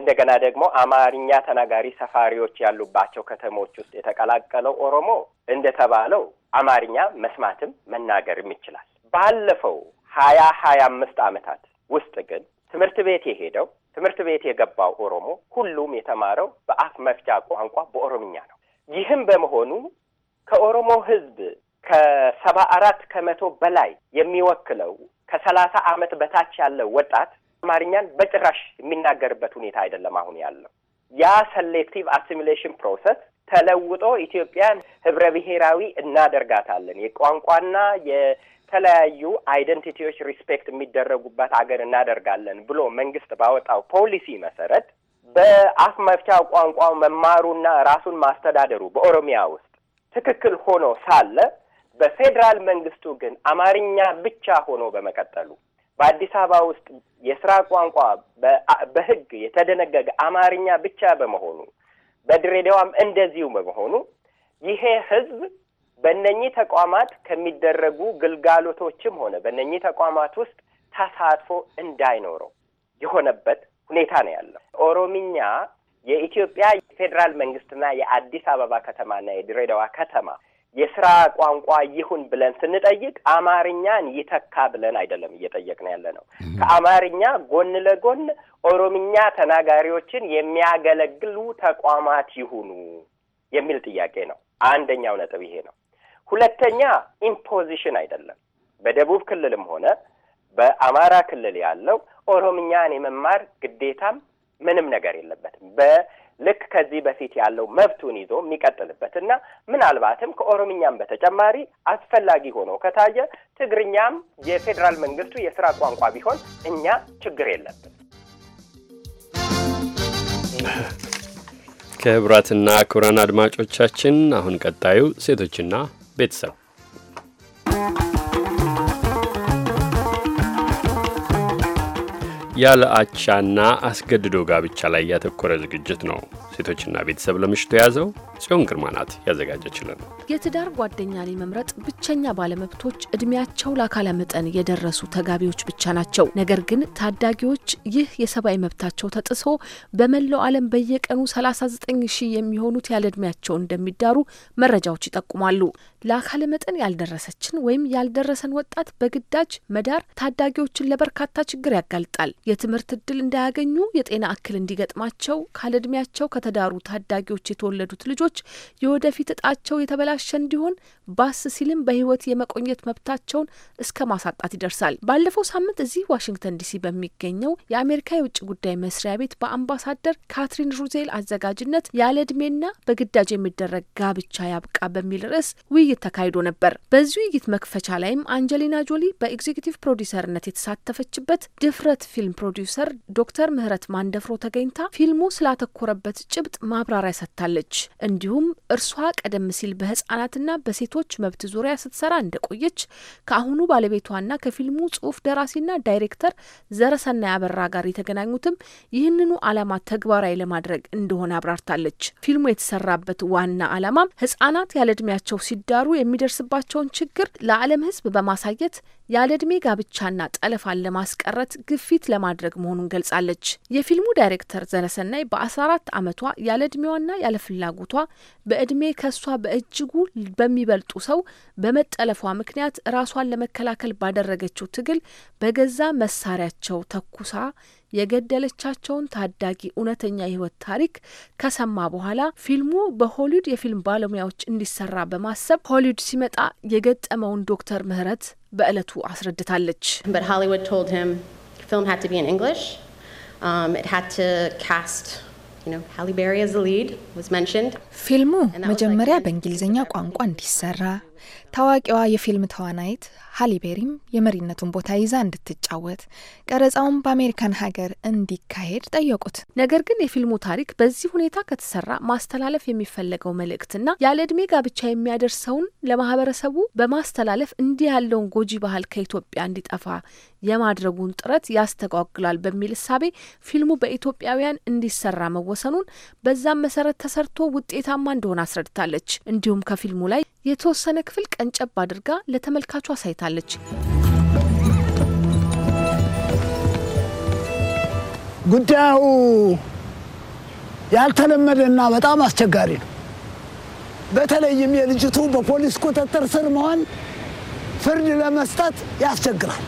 እንደገና ደግሞ አማርኛ ተናጋሪ ሰፋሪዎች ያሉባቸው ከተሞች ውስጥ የተቀላቀለው ኦሮሞ እንደተባለው አማርኛ መስማትም መናገርም ይችላል። ባለፈው ሀያ ሀያ አምስት ዓመታት ውስጥ ግን ትምህርት ቤት የሄደው ትምህርት ቤት የገባው ኦሮሞ ሁሉም የተማረው በአፍ መፍቻ ቋንቋ በኦሮምኛ ነው። ይህም በመሆኑ ከኦሮሞ ህዝብ ከሰባ አራት ከመቶ በላይ የሚወክለው ከሰላሳ ዓመት በታች ያለው ወጣት አማርኛን በጭራሽ የሚናገርበት ሁኔታ አይደለም አሁን ያለው። ያ ሰሌክቲቭ አሲሚሌሽን ፕሮሰስ ተለውጦ ኢትዮጵያን ህብረ ብሔራዊ እናደርጋታለን የቋንቋና የተለያዩ አይደንቲቲዎች ሪስፔክት የሚደረጉበት ሀገር እናደርጋለን ብሎ መንግስት ባወጣው ፖሊሲ መሰረት በአፍ መፍቻ ቋንቋ መማሩና ራሱን ማስተዳደሩ በኦሮሚያ ውስጥ ትክክል ሆኖ ሳለ በፌዴራል መንግስቱ ግን አማርኛ ብቻ ሆኖ በመቀጠሉ በአዲስ አበባ ውስጥ የስራ ቋንቋ በህግ የተደነገገ አማርኛ ብቻ በመሆኑ በድሬዳዋም እንደዚሁ በመሆኑ ይሄ ህዝብ በእነኚህ ተቋማት ከሚደረጉ ግልጋሎቶችም ሆነ በእነኚህ ተቋማት ውስጥ ተሳትፎ እንዳይኖረው የሆነበት ሁኔታ ነው ያለው። ኦሮሚኛ የኢትዮጵያ የፌዴራል መንግስትና የአዲስ አበባ ከተማና የድሬዳዋ ከተማ የስራ ቋንቋ ይሁን ብለን ስንጠይቅ አማርኛን ይተካ ብለን አይደለም እየጠየቅን ያለ ነው። ከአማርኛ ጎን ለጎን ኦሮምኛ ተናጋሪዎችን የሚያገለግሉ ተቋማት ይሁኑ የሚል ጥያቄ ነው። አንደኛው ነጥብ ይሄ ነው። ሁለተኛ ኢምፖዚሽን አይደለም። በደቡብ ክልልም ሆነ በአማራ ክልል ያለው ኦሮምኛን የመማር ግዴታም ምንም ነገር የለበትም። ልክ ከዚህ በፊት ያለው መብቱን ይዞ የሚቀጥልበት እና ምናልባትም ከኦሮምኛም በተጨማሪ አስፈላጊ ሆኖ ከታየ ትግርኛም የፌዴራል መንግስቱ የስራ ቋንቋ ቢሆን እኛ ችግር የለብን። ክቡራትና ክቡራን አድማጮቻችን አሁን ቀጣዩ ሴቶችና ቤተሰብ ያለ አቻና አስገድዶ ጋብቻ ላይ ያተኮረ ዝግጅት ነው። ሴቶችና ቤተሰብ ለምሽቱ የያዘው ጽዮን ግርማ ናት ያዘጋጀችልን። የትዳር ጓደኛን መምረጥ ብቸኛ ባለመብቶች እድሜያቸው ለአካለ መጠን የደረሱ ተጋቢዎች ብቻ ናቸው። ነገር ግን ታዳጊዎች ይህ የሰብአዊ መብታቸው ተጥሶ በመላው ዓለም በየቀኑ 39 ሺህ የሚሆኑት ያለ እድሜያቸው እንደሚዳሩ መረጃዎች ይጠቁማሉ። ለአካለ መጠን ያልደረሰችን ወይም ያልደረሰን ወጣት በግዳጅ መዳር ታዳጊዎችን ለበርካታ ችግር ያጋልጣል። የትምህርት እድል እንዳያገኙ፣ የጤና እክል እንዲገጥማቸው፣ ካለ እድሜያቸው ከተዳሩ ታዳጊዎች የተወለዱት ልጆች ወጣቶች የወደፊት እጣቸው የተበላሸ እንዲሆን ባስ ሲልም በህይወት የመቆየት መብታቸውን እስከ ማሳጣት ይደርሳል። ባለፈው ሳምንት እዚህ ዋሽንግተን ዲሲ በሚገኘው የአሜሪካ የውጭ ጉዳይ መስሪያ ቤት በአምባሳደር ካትሪን ሩዜል አዘጋጅነት ያለ እድሜና በግዳጅ የሚደረግ ጋብቻ ያብቃ በሚል ርዕስ ውይይት ተካሂዶ ነበር። በዚህ ውይይት መክፈቻ ላይም አንጀሊና ጆሊ በኤግዜኪቲቭ ፕሮዲሰርነት የተሳተፈችበት ድፍረት ፊልም ፕሮዲውሰር ዶክተር ምህረት ማንደፍሮ ተገኝታ ፊልሙ ስላተኮረበት ጭብጥ ማብራሪያ ሰጥታለች። እንዲሁም እርሷ ቀደም ሲል በህጻናትና በሴቶች መብት ዙሪያ ስትሰራ እንደቆየች ከአሁኑ ባለቤቷና ከፊልሙ ጽሁፍ ደራሲና ዳይሬክተር ዘረሰናይ አበራ ጋር የተገናኙትም ይህንኑ ዓላማ ተግባራዊ ለማድረግ እንደሆነ አብራርታለች። ፊልሙ የተሰራበት ዋና ዓላማ ህጻናት ያለ እድሜያቸው ሲዳሩ የሚደርስባቸውን ችግር ለዓለም ህዝብ በማሳየት ያለ እድሜ ጋብቻና ጠለፋን ለማስቀረት ግፊት ለማድረግ መሆኑን ገልጻለች። የፊልሙ ዳይሬክተር ዘረሰናይ በ14 ዓመቷ ያለ እድሜዋና ያለ ፍላጎቷ በእድሜ ከሷ በእጅጉ በሚበልጡ ሰው በመጠለፏ ምክንያት ራሷን ለመከላከል ባደረገችው ትግል በገዛ መሳሪያቸው ተኩሳ የገደለቻቸውን ታዳጊ እውነተኛ የህይወት ታሪክ ከሰማ በኋላ ፊልሙ በሆሊውድ የፊልም ባለሙያዎች እንዲሰራ በማሰብ ሆሊውድ ሲመጣ የገጠመውን ዶክተር ምህረት በእለቱ አስረድታለች። ፊልም ፊልሙ መጀመሪያ በእንግሊዝኛ ቋንቋ እንዲሰራ ታዋቂዋ የፊልም ተዋናይት ሀሊቤሪም የመሪነቱን ቦታ ይዛ እንድትጫወት ቀረጻውን በአሜሪካን ሀገር እንዲካሄድ ጠየቁት። ነገር ግን የፊልሙ ታሪክ በዚህ ሁኔታ ከተሰራ ማስተላለፍ የሚፈለገው መልእክትና ያለ ዕድሜ ጋብቻ የሚያደርሰውን ለማህበረሰቡ በማስተላለፍ እንዲህ ያለውን ጎጂ ባህል ከኢትዮጵያ እንዲጠፋ የማድረጉን ጥረት ያስተጓግላል በሚል እሳቤ ፊልሙ በኢትዮጵያውያን እንዲሰራ መወሰኑን በዛም መሰረት ተሰርቶ ውጤታማ እንደሆነ አስረድታለች። እንዲሁም ከፊልሙ ላይ የተወሰነ ክፍል ቀንጨብ አድርጋ ለተመልካቹ አሳይታለች። ጉዳዩ ያልተለመደና በጣም አስቸጋሪ ነው። በተለይም የልጅቱ በፖሊስ ቁጥጥር ስር መሆን ፍርድ ለመስጠት ያስቸግራል።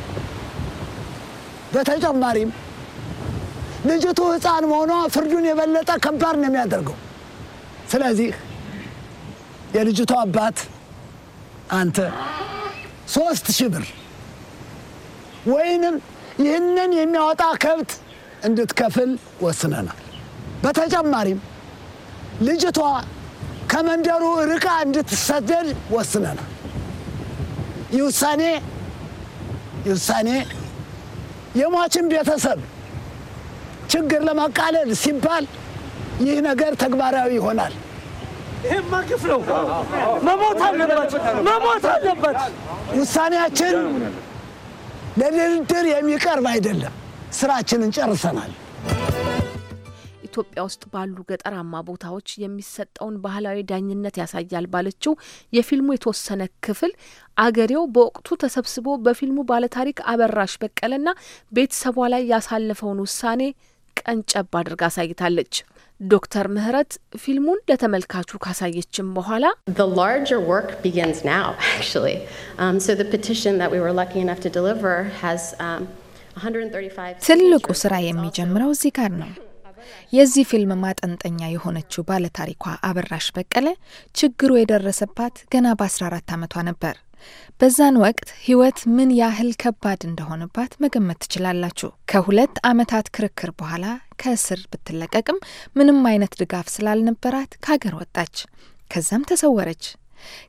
በተጨማሪም ልጅቱ ሕፃን መሆኗ ፍርዱን የበለጠ ከባድ ነው የሚያደርገው። ስለዚህ የልጅቷ አባት አንተ ሶስት ሺህ ብር ወይንም ይህንን የሚያወጣ ከብት እንድትከፍል ወስነናል። በተጨማሪም ልጅቷ ከመንደሩ ርቃ እንድትሰደድ ወስነናል። ይህ ውሳኔ ይህ ውሳኔ የሟችን ቤተሰብ ችግር ለማቃለል ሲባል ይህ ነገር ተግባራዊ ይሆናል። ይሄማ ግፍ ነው። መሞት አለበት፣ መሞት አለበት። ውሳኔያችን ለድርድር የሚቀርብ አይደለም። ስራችንን ጨርሰናል። ኢትዮጵያ ውስጥ ባሉ ገጠራማ ቦታዎች የሚሰጠውን ባህላዊ ዳኝነት ያሳያል ባለችው የፊልሙ የተወሰነ ክፍል አገሬው በወቅቱ ተሰብስቦ በፊልሙ ባለታሪክ አበራሽ በቀለና ቤተሰቧ ላይ ያሳለፈውን ውሳኔ ቀንጨብ አድርጋ አሳይታለች። ዶክተር ምህረት ፊልሙን ለተመልካቹ ካሳየችም በኋላ ትልቁ ስራ የሚጀምረው እዚህ ጋር ነው። የዚህ ፊልም ማጠንጠኛ የሆነችው ባለታሪኳ አበራሽ በቀለ ችግሩ የደረሰባት ገና በ14 ዓመቷ ነበር። በዛን ወቅት ህይወት ምን ያህል ከባድ እንደሆነባት መገመት ትችላላችሁ። ከሁለት ዓመታት ክርክር በኋላ ከእስር ብትለቀቅም ምንም አይነት ድጋፍ ስላልነበራት ከሀገር ወጣች፣ ከዛም ተሰወረች።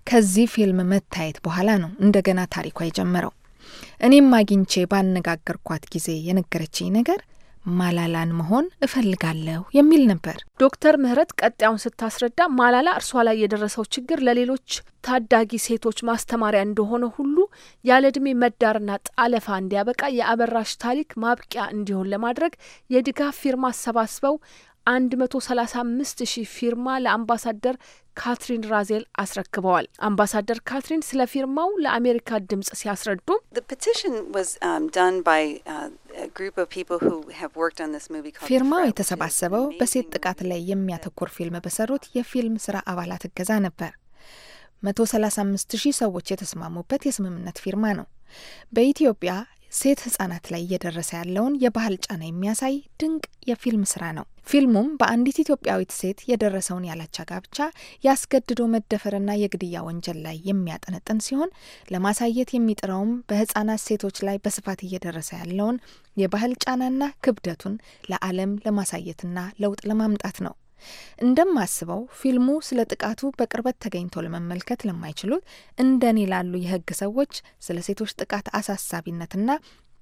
ከዚህ ፊልም መታየት በኋላ ነው እንደገና ታሪኳ የጀመረው። እኔም አግኝቼ ባነጋገርኳት ጊዜ የነገረችኝ ነገር ማላላን መሆን እፈልጋለሁ የሚል ነበር። ዶክተር ምህረት ቀጣዩን ስታስረዳ ማላላ እርሷ ላይ የደረሰው ችግር ለሌሎች ታዳጊ ሴቶች ማስተማሪያ እንደሆነ ሁሉ ያለ መዳርና ጣለፋ እንዲያበቃ የአበራሽ ታሪክ ማብቂያ እንዲሆን ለማድረግ የድጋፍ ፊርማ አሰባስበው 135 ሺህ ፊርማ ለአምባሳደር ካትሪን ራዜል አስረክበዋል። አምባሳደር ካትሪን ስለ ፊርማው ለአሜሪካ ድምጽ ሲያስረዱ um, uh, ፊርማው የተሰባሰበው በሴት ጥቃት ላይ የሚያተኩር ፊልም በሰሩት የፊልም ስራ አባላት እገዛ ነበር። መቶ ሰላሳ አምስት ሺህ ሰዎች የተስማሙበት የስምምነት ፊርማ ነው። በኢትዮጵያ ሴት ህጻናት ላይ እየደረሰ ያለውን የባህል ጫና የሚያሳይ ድንቅ የፊልም ስራ ነው። ፊልሙም በአንዲት ኢትዮጵያዊት ሴት የደረሰውን ያላቻ ጋብቻ፣ ያስገድዶ መደፈርና የግድያ ወንጀል ላይ የሚያጠነጥን ሲሆን ለማሳየት የሚጥረውም በህጻናት ሴቶች ላይ በስፋት እየደረሰ ያለውን የባህል ጫናና ክብደቱን ለዓለም ለማሳየትና ለውጥ ለማምጣት ነው። እንደማስበው ፊልሙ ስለ ጥቃቱ በቅርበት ተገኝቶ ለመመልከት ለማይችሉት እንደኔ ላሉ የህግ ሰዎች ስለ ሴቶች ጥቃት አሳሳቢነትና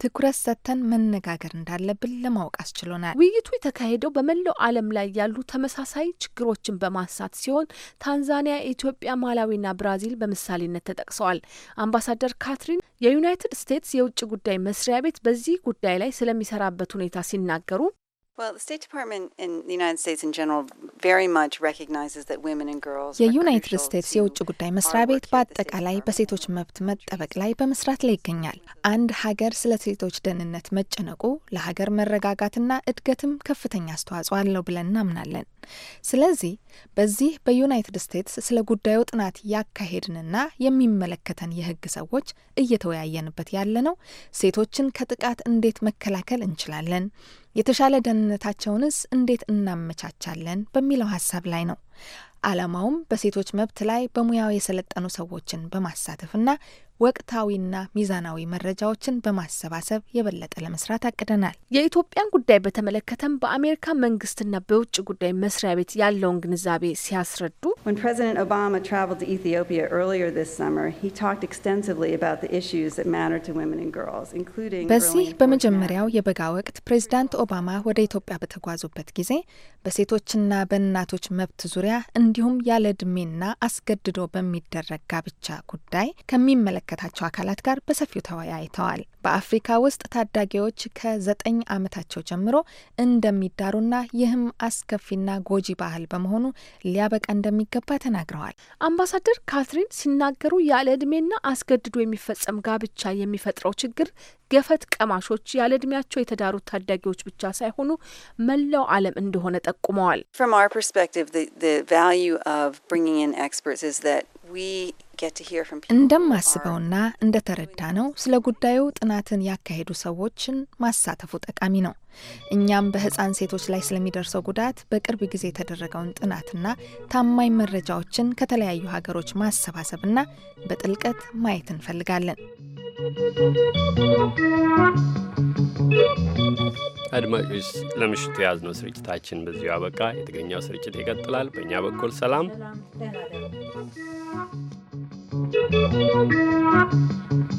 ትኩረት ሰጥተን መነጋገር እንዳለብን ለማወቅ አስችሎናል። ውይይቱ የተካሄደው በመላው ዓለም ላይ ያሉ ተመሳሳይ ችግሮችን በማንሳት ሲሆን ታንዛኒያ፣ ኢትዮጵያ፣ ማላዊና ብራዚል በምሳሌነት ተጠቅሰዋል። አምባሳደር ካትሪን የዩናይትድ ስቴትስ የውጭ ጉዳይ መስሪያ ቤት በዚህ ጉዳይ ላይ ስለሚሰራበት ሁኔታ ሲናገሩ የዩናይትድ ስቴትስ የውጭ ጉዳይ መስሪያ ቤት በአጠቃላይ በሴቶች መብት መጠበቅ ላይ በመስራት ላይ ይገኛል። አንድ ሀገር ስለ ሴቶች ደህንነት መጨነቁ ለሀገር መረጋጋትና እድገትም ከፍተኛ አስተዋጽኦ አለው ብለን እናምናለን። ስለዚህ በዚህ በዩናይትድ ስቴትስ ስለ ጉዳዩ ጥናት ያካሄድንና የሚመለከተን የህግ ሰዎች እየተወያየንበት ያለ ነው። ሴቶችን ከጥቃት እንዴት መከላከል እንችላለን የተሻለ ደህንነታቸውንስ እንዴት እናመቻቻለን በሚለው ሀሳብ ላይ ነው። ዓላማውም በሴቶች መብት ላይ በሙያው የሰለጠኑ ሰዎችን በማሳተፍና ወቅታዊና ሚዛናዊ መረጃዎችን በማሰባሰብ የበለጠ ለመስራት አቅደናል። የኢትዮጵያን ጉዳይ በተመለከተም በአሜሪካ መንግስትና በውጭ ጉዳይ መስሪያ ቤት ያለውን ግንዛቤ ሲያስረዱ በዚህ በመጀመሪያው የበጋ ወቅት ፕሬዚዳንት ኦባማ ወደ ኢትዮጵያ በተጓዙበት ጊዜ በሴቶችና በእናቶች መብት ዙሪያ እንዲሁም ያለ እድሜና አስገድዶ በሚደረግ ጋብቻ ጉዳይ ከሚመለከ ከሚመለከታቸው አካላት ጋር በሰፊው ተወያይተዋል። በአፍሪካ ውስጥ ታዳጊዎች ከዘጠኝ ዓመታቸው ጀምሮ እንደሚዳሩና ይህም አስከፊና ጎጂ ባህል በመሆኑ ሊያበቃ እንደሚገባ ተናግረዋል። አምባሳደር ካትሪን ሲናገሩ ያለ ዕድሜና አስገድዶ የሚፈጸም ጋብቻ የሚፈጥረው ችግር ገፈት ቀማሾች ያለ ዕድሜያቸው የተዳሩት ታዳጊዎች ብቻ ሳይሆኑ መላው ዓለም እንደሆነ ጠቁመዋል። እንደማስበውና እንደተረዳ ነው ስለ ጉዳዩ ጥናትን ያካሄዱ ሰዎችን ማሳተፉ ጠቃሚ ነው። እኛም በህፃን ሴቶች ላይ ስለሚደርሰው ጉዳት በቅርብ ጊዜ የተደረገውን ጥናትና ታማኝ መረጃዎችን ከተለያዩ ሀገሮች ማሰባሰብና በጥልቀት ማየት እንፈልጋለን። አድማጮች፣ ለምሽቱ የያዝነው ስርጭታችን በዚሁ አበቃ። የተገኘው ስርጭት ይቀጥላል። በእኛ በኩል ሰላም Thank you.